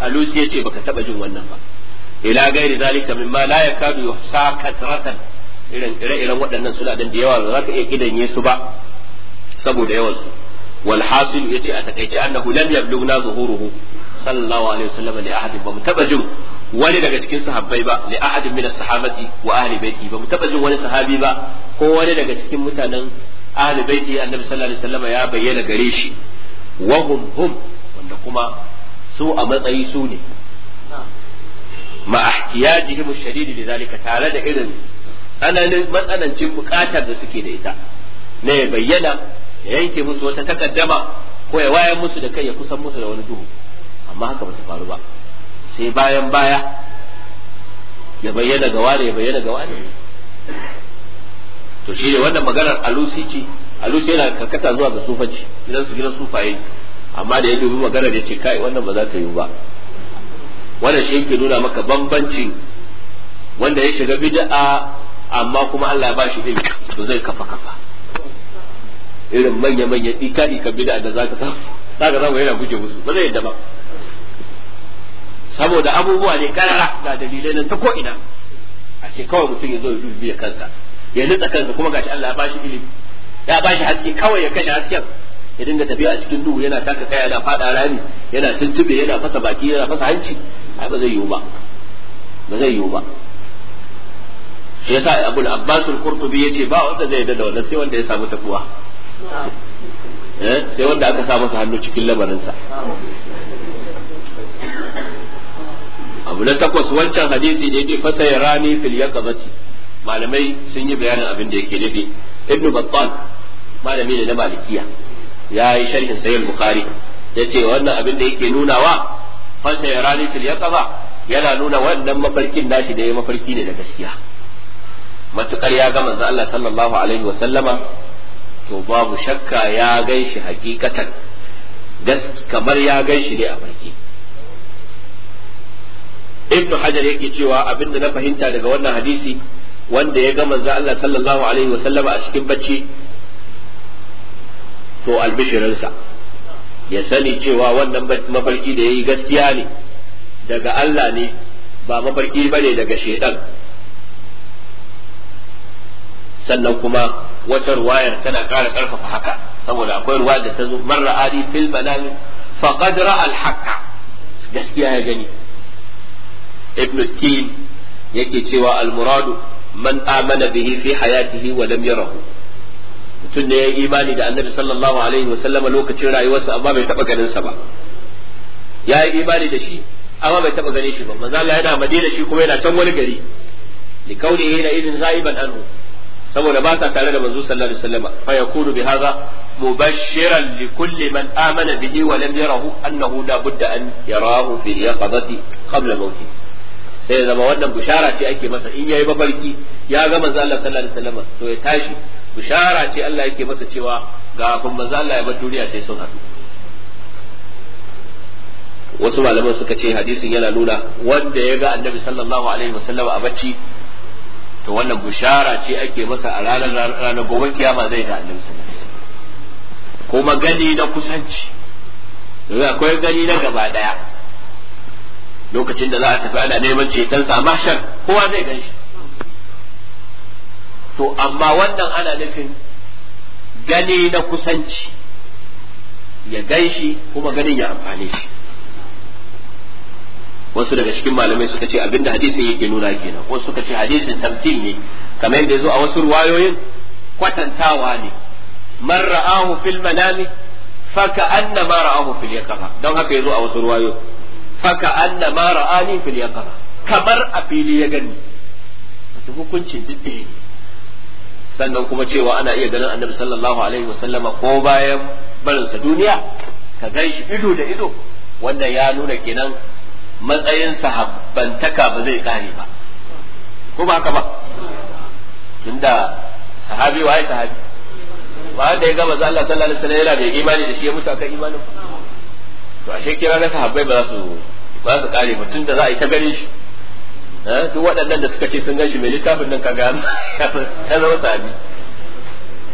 alusi ya ce baka taba jin wannan ba ila gairi zalika mimma la yakadu yuhsa kasratan irin ire-iren waɗannan suna da yawa ba za ka iya kidanye su ba saboda yawan su wal hasil yace a takaice annahu lam yablughna zuhuruhu sallallahu alaihi wasallam li ahadin ba mu taba jin wani daga cikin sahabbai ba li ahadin min sahabati wa ahli baiti ba mu taba jin wani sahabi ba ko wani daga cikin mutanen ahli baiti annabi sallallahu alaihi wasallam ya bayyana gare shi wa hum hum wanda kuma su a matsayi su ne ma ihtiyajihim ash-shadid lidhalika tare da irin tsananin matsanancin bukatar da suke da ita ne bayyana ya yanke musu wata takaddama ko ya wayar musu da kai ya kusan musu da wani duhu amma haka ba su faru ba sai bayan baya ya bayyana ga wani ya bayyana ga wani to shi ne wannan maganar alusi ce alusi yana karkata zuwa ga sufaci gidan su gina sufaye amma da ya dubi maganar ya ce kai wannan ba za ta yi ba wannan shi yake nuna maka bambanci wanda ya shiga bid'a amma kuma Allah ya ba shi ilimi to zai kafa kafa irin manya manya dika dika bid'a da zaka samu zaka samu yana guje musu ba zai yadda ba saboda abubuwa ne karara ga dalilai nan ta ko ina a ce kawai mutum ya zo ya dubiya kansa ya nutsa kansa kuma gashi Allah ya ba shi ilimi ya ba shi haske kawai ya kashe hasken ya dinga tafiya a cikin duhu yana taka kaya yana fada rami yana tuntube yana fasa baki yana fasa hanci ai ba zai yiwu ba ba zai yiwu ba shi yasa abul abbas al-qurtubi yace ba wanda zai yarda da wannan sai wanda ya samu takuwa eh sai wanda aka samu hannu cikin sa abu na takwas wancan hadisi ne yake fasa ya rani fil yaqabati malamai sun yi bayanin abin da yake nufi ibnu battal malami ne na malikiya ya yi sharhin sayyid bukhari yace wannan abin da yake nunawa fasa rani fil yaqaba yana nuna wannan mafarkin nashi da ya mafarki ne da gaskiya matukar ya ga manzo Allah sallallahu alaihi wa sallama to babu shakka ya gan shi hakikatan kamar ya gan shi ne a farki ibnu hajar yake cewa abin da na fahimta daga wannan hadisi wanda ya ga manzo Allah sallallahu alaihi wa sallama a cikin bacci ko albishirinsa ya sani cewa wannan mafarki da ya yi gaskiya ne daga Allah ne ba mafarki ba ne daga shaidan sannan kuma wata ruwayar tana ƙara ƙarfafa haka saboda akwai ruwa da ta zo man ra'adi fil manami faqad ra'a al haqqa gaskiya ya gani ibn tin yake cewa al muradu man amana bihi fi hayatihi wa lam yarahu mutum ne ya yi imani da annabi sallallahu alaihi lokacin rayuwarsa amma bai taba ganin sa ba ya yi imani da shi amma bai taba ganin shi ba manzo Allah yana Madina shi kuma yana can wani gari li kaunihi la idin zaiban anhu saboda ba sa tare da manzo sallallahu alaihi wasallam fa yakunu bi hadha mubashiran li kulli man amana bihi wa lam yarahu annahu da budda an yarahu fi yaqadati qabla mawti sai zama wannan bishara ce ake masa in yayi mafarki ya ga manzo Allah sallallahu alaihi wasallam to ya tashi bishara ce Allah yake masa cewa ga kun manzo Allah ya bar duniya sai sun haɗu wasu malaman suka ce hadisin yana nuna wanda ya ga annabi sallallahu alaihi wasallam a bacci to wannan bishara ce ake masa a ranar ranar gobe kiyama zai ga annabi sallallahu alaihi kuma gani na kusanci akwai gani na gaba daya lokacin da za a tafi ana neman ceton a mashar kowa zai gan shi to amma wannan ana nufin gani na kusanci ya gan shi kuma ganin ya amfane shi wasu daga cikin malamai suka ce abinda hadisin yake nuna kenan wasu suka ce hadisin tamtil ne kamar yadda ya zo a wasu ruwayoyin kwatantawa ne man ra'ahu fil manami fa ka'anna ma ra'ahu fil yaqama don haka ya zo a wasu ruwayo fa ka'anna ma ra'ani fil yaqama kamar a fili ya gani wato hukuncin duk sannan kuma cewa ana iya ganin annabi sallallahu alaihi wasallama ko bayan barinsa duniya ka gan shi ido da ido wanda ya nuna kenan matsayin sahabbantaka ba zai kare ba ko ba haka ba tunda sahabi waye sahabi ba da ya gama Allah sallallahu alaihi wasallam yana da imani da shi ya mutu akan imanin to ashe kira na sahabbai ba za su ba su kare ba tunda za a yi ta ganin shi Eh, duk waɗannan da suka ce sun ganshi mai littafin nan kaga ya zama sahabi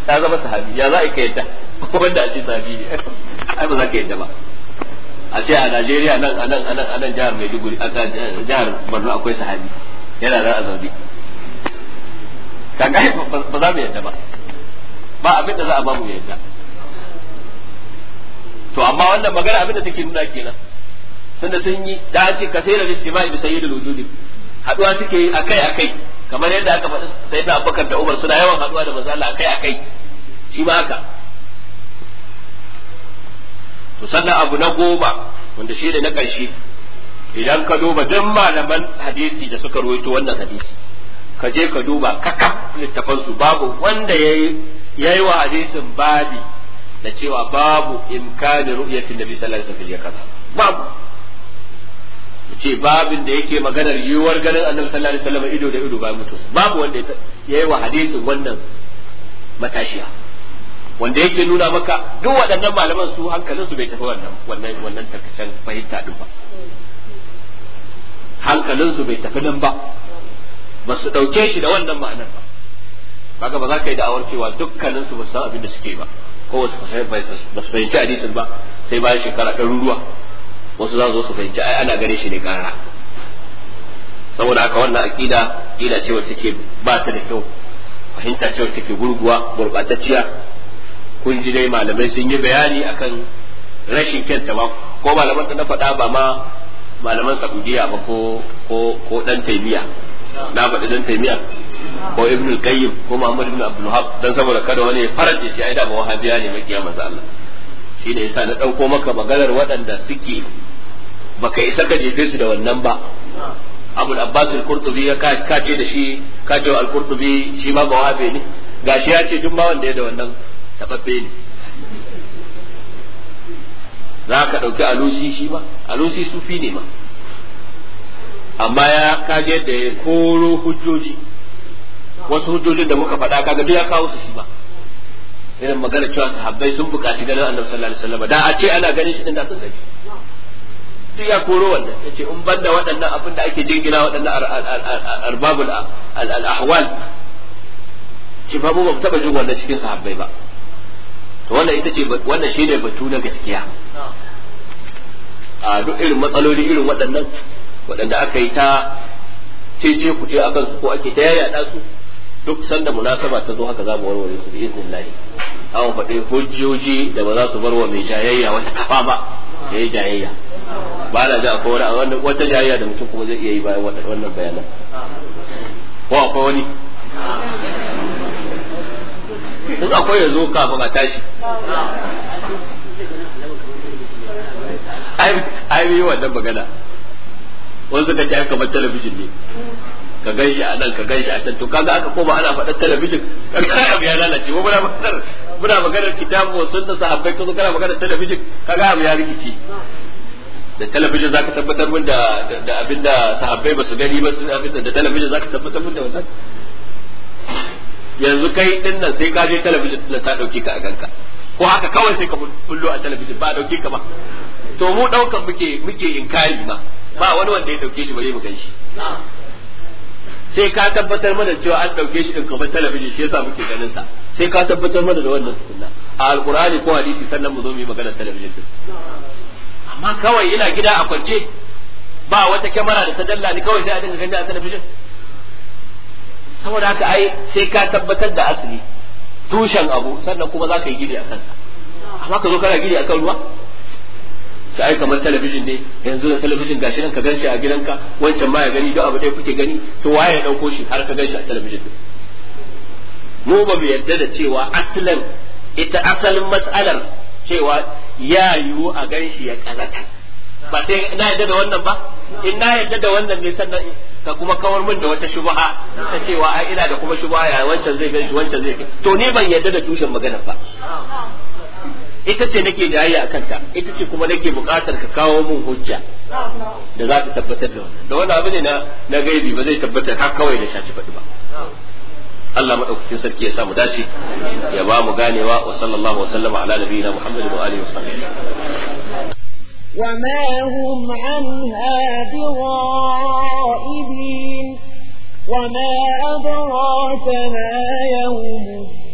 ta zama sahabi ya za a yi ka yadda wanda a ce sahabi ne ai ba za ka yadda ba a ce a Najeriya nan a nan a nan a nan jihar Maiduguri a jihar Borno akwai sahabi yana da a kaga ba za mu yadda ba ba abin da za a ba mu yadda to amma wannan magana abin da take nuna kenan tunda sun yi da ce ka sayar da istima'i bi sayyidul wujudi haduwa suke yi akai akai kamar yadda aka faɗi sai da abubakar da umar suna yawan haduwa da manzo Allah akai akai shi ma haka to sannan abu na goma wanda shi ne na ƙarshe idan ka duba duk malaman hadisi da suka ruwaito wannan hadisi ka je ka duba littafan su babu wanda ya yi wa hadisin babi da cewa babu imkani ru'yatin nabi sallallahu alaihi wasallam ya kaza babu ce babin da yake maganar yiwuwar ganin annabi sallallahu alaihi wasallam ido da ido bayan mutuwa babu wanda ya yi wa hadisin wannan matashiya wanda yake nuna maka duk waɗannan malaman su hankalin su bai tafi wannan wannan wannan tarkacen fahimta din ba hankalin su bai tafi nan ba ba su ɗauke shi da wannan ma'anar ba kaga ba za ka yi da'awar cewa dukkanin su ba san abin da suke ba ko ba su fahimci hadisin ba sai bayan shekara ɗaruruwa ruwa wasu za su su fahimci ai ana gare shi ne ƙara saboda haka wannan aƙida ƙila cewa take ba ta da kyau fahimta cewa take gurguwa gurɓatacciya kun ji dai malamai sun yi bayani akan rashin kyanta ba ko malaman na faɗa ba ma malaman saudiya ba ko ko ko dan taimiya na faɗi dan taimiya ko ibn Kayyim qayyim ko muhammad ibn abdul dan saboda kada wani ya faranta shi ai da ba wahabiya ne mai kiyama Allah shi ne yasa na ɗauko maka maganar waɗanda suke baka isa ka jefe su da wannan ba abul abbas al-qurtubi ya kace da shi kace wa al-qurtubi shi ma ba wabe ne gashi ya ce duk ma wanda ya da wannan tababbe ne za ka ɗauki alusi shi ba alusi sufi ne ma amma ya kaje da ya koro hujjoji wasu hujjojin da muka faɗa kaga duk ya kawo su shi ba irin magana cewa sahabbai sun buƙaci ganin annabi sallallahu alaihi wasallam da a ce ana ganin shi din da sun gani duk ya koro wannan yace in banda waɗannan abin da ake jingina waɗannan arbabul al-ahwal ce ba mu ba taba jin wannan cikin sahabbai ba to wannan ita ce wannan shine batu na gaskiya a duk irin matsaloli irin waɗannan waɗanda aka yi ta ce ku ce akan su ko ake ta yaya su duk sanda munasaba ta zo haka za mu warware su bi iznillahi an faɗi hujjoji da ba za su bar wa mai jayayya wata kafa ba ya yi jayayya ba na ga akwai wani wata jayayya da mutum kuma zai iya yi bayan wannan bayanan ko akwai wani duk akwai ya zo kafin a tashi ai yi wannan magana wanda ka ji kamar talabijin ne ka shi a nan ka shi a can to kaga aka koma ana faɗar talabijin kaga abu ya lalace mu muna maganar muna maganar kitabu wa sunna sahabbai kazo kana maganar talabijin kaga abu ya rikici da talabijin zaka tabbatar mun da da abinda sahabbai ba su gani ba su abinda da talabijin zaka tabbatar mun da wannan yanzu kai din nan sai ka je talabijin din ta dauke ka a ganka ko haka kawai sai ka bullo a talabijin ba dauke ka ba to mu daukan muke muke inkari ma ba wani wanda ya dauke shi ba zai mu ganshi sai ka tabbatar mana cewa an dauke shi din kamar talabijin shi yasa muke ganin sa sai ka tabbatar mana da wannan sunna a alqur'ani ko hadisi sannan mu zo mu yi magana talabijin din amma kawai ina gida a kwance ba wata kyamara da ta dalla ni kawai sai a dinga ganin a talabijin saboda haka ai sai ka tabbatar da asali tushen abu sannan kuma za ka yi gidi a kansa amma ka zo kana gidi akan ruwa ta ai kamar talabijin ne yanzu da talabijin gashi nan ka ganshi a gidanka wancan ma ya gani duk abu ɗaya kuke gani to waye ya dauko shi har ka ganshi a talabijin mu ba mu yarda da cewa aslan ita asalin matsalar cewa ya yiwu a ganshi ya kazata ba sai na yarda da wannan ba in na yarda da wannan ne sannan ka kuma kawar min da wata shubha ta cewa ai ina da kuma shubha ya wancan zai ganshi wancan zai to ni ban yarda da tushen maganar ba ita ce nake jayayya a kanta ita ce kuma nake buƙatar ka kawo mun hujja da za ta tabbatar da wannan da wannan abu ne na na gaibi ba zai tabbatar har kawai da shaci faɗi ba Allah madaukakin sarki ya samu dace ya ba mu ganewa wa sallallahu wa sallama ala nabiyina muhammad wa alihi wa sahbihi وما هم عنها بغائبين وما أدراك ما يوم الدين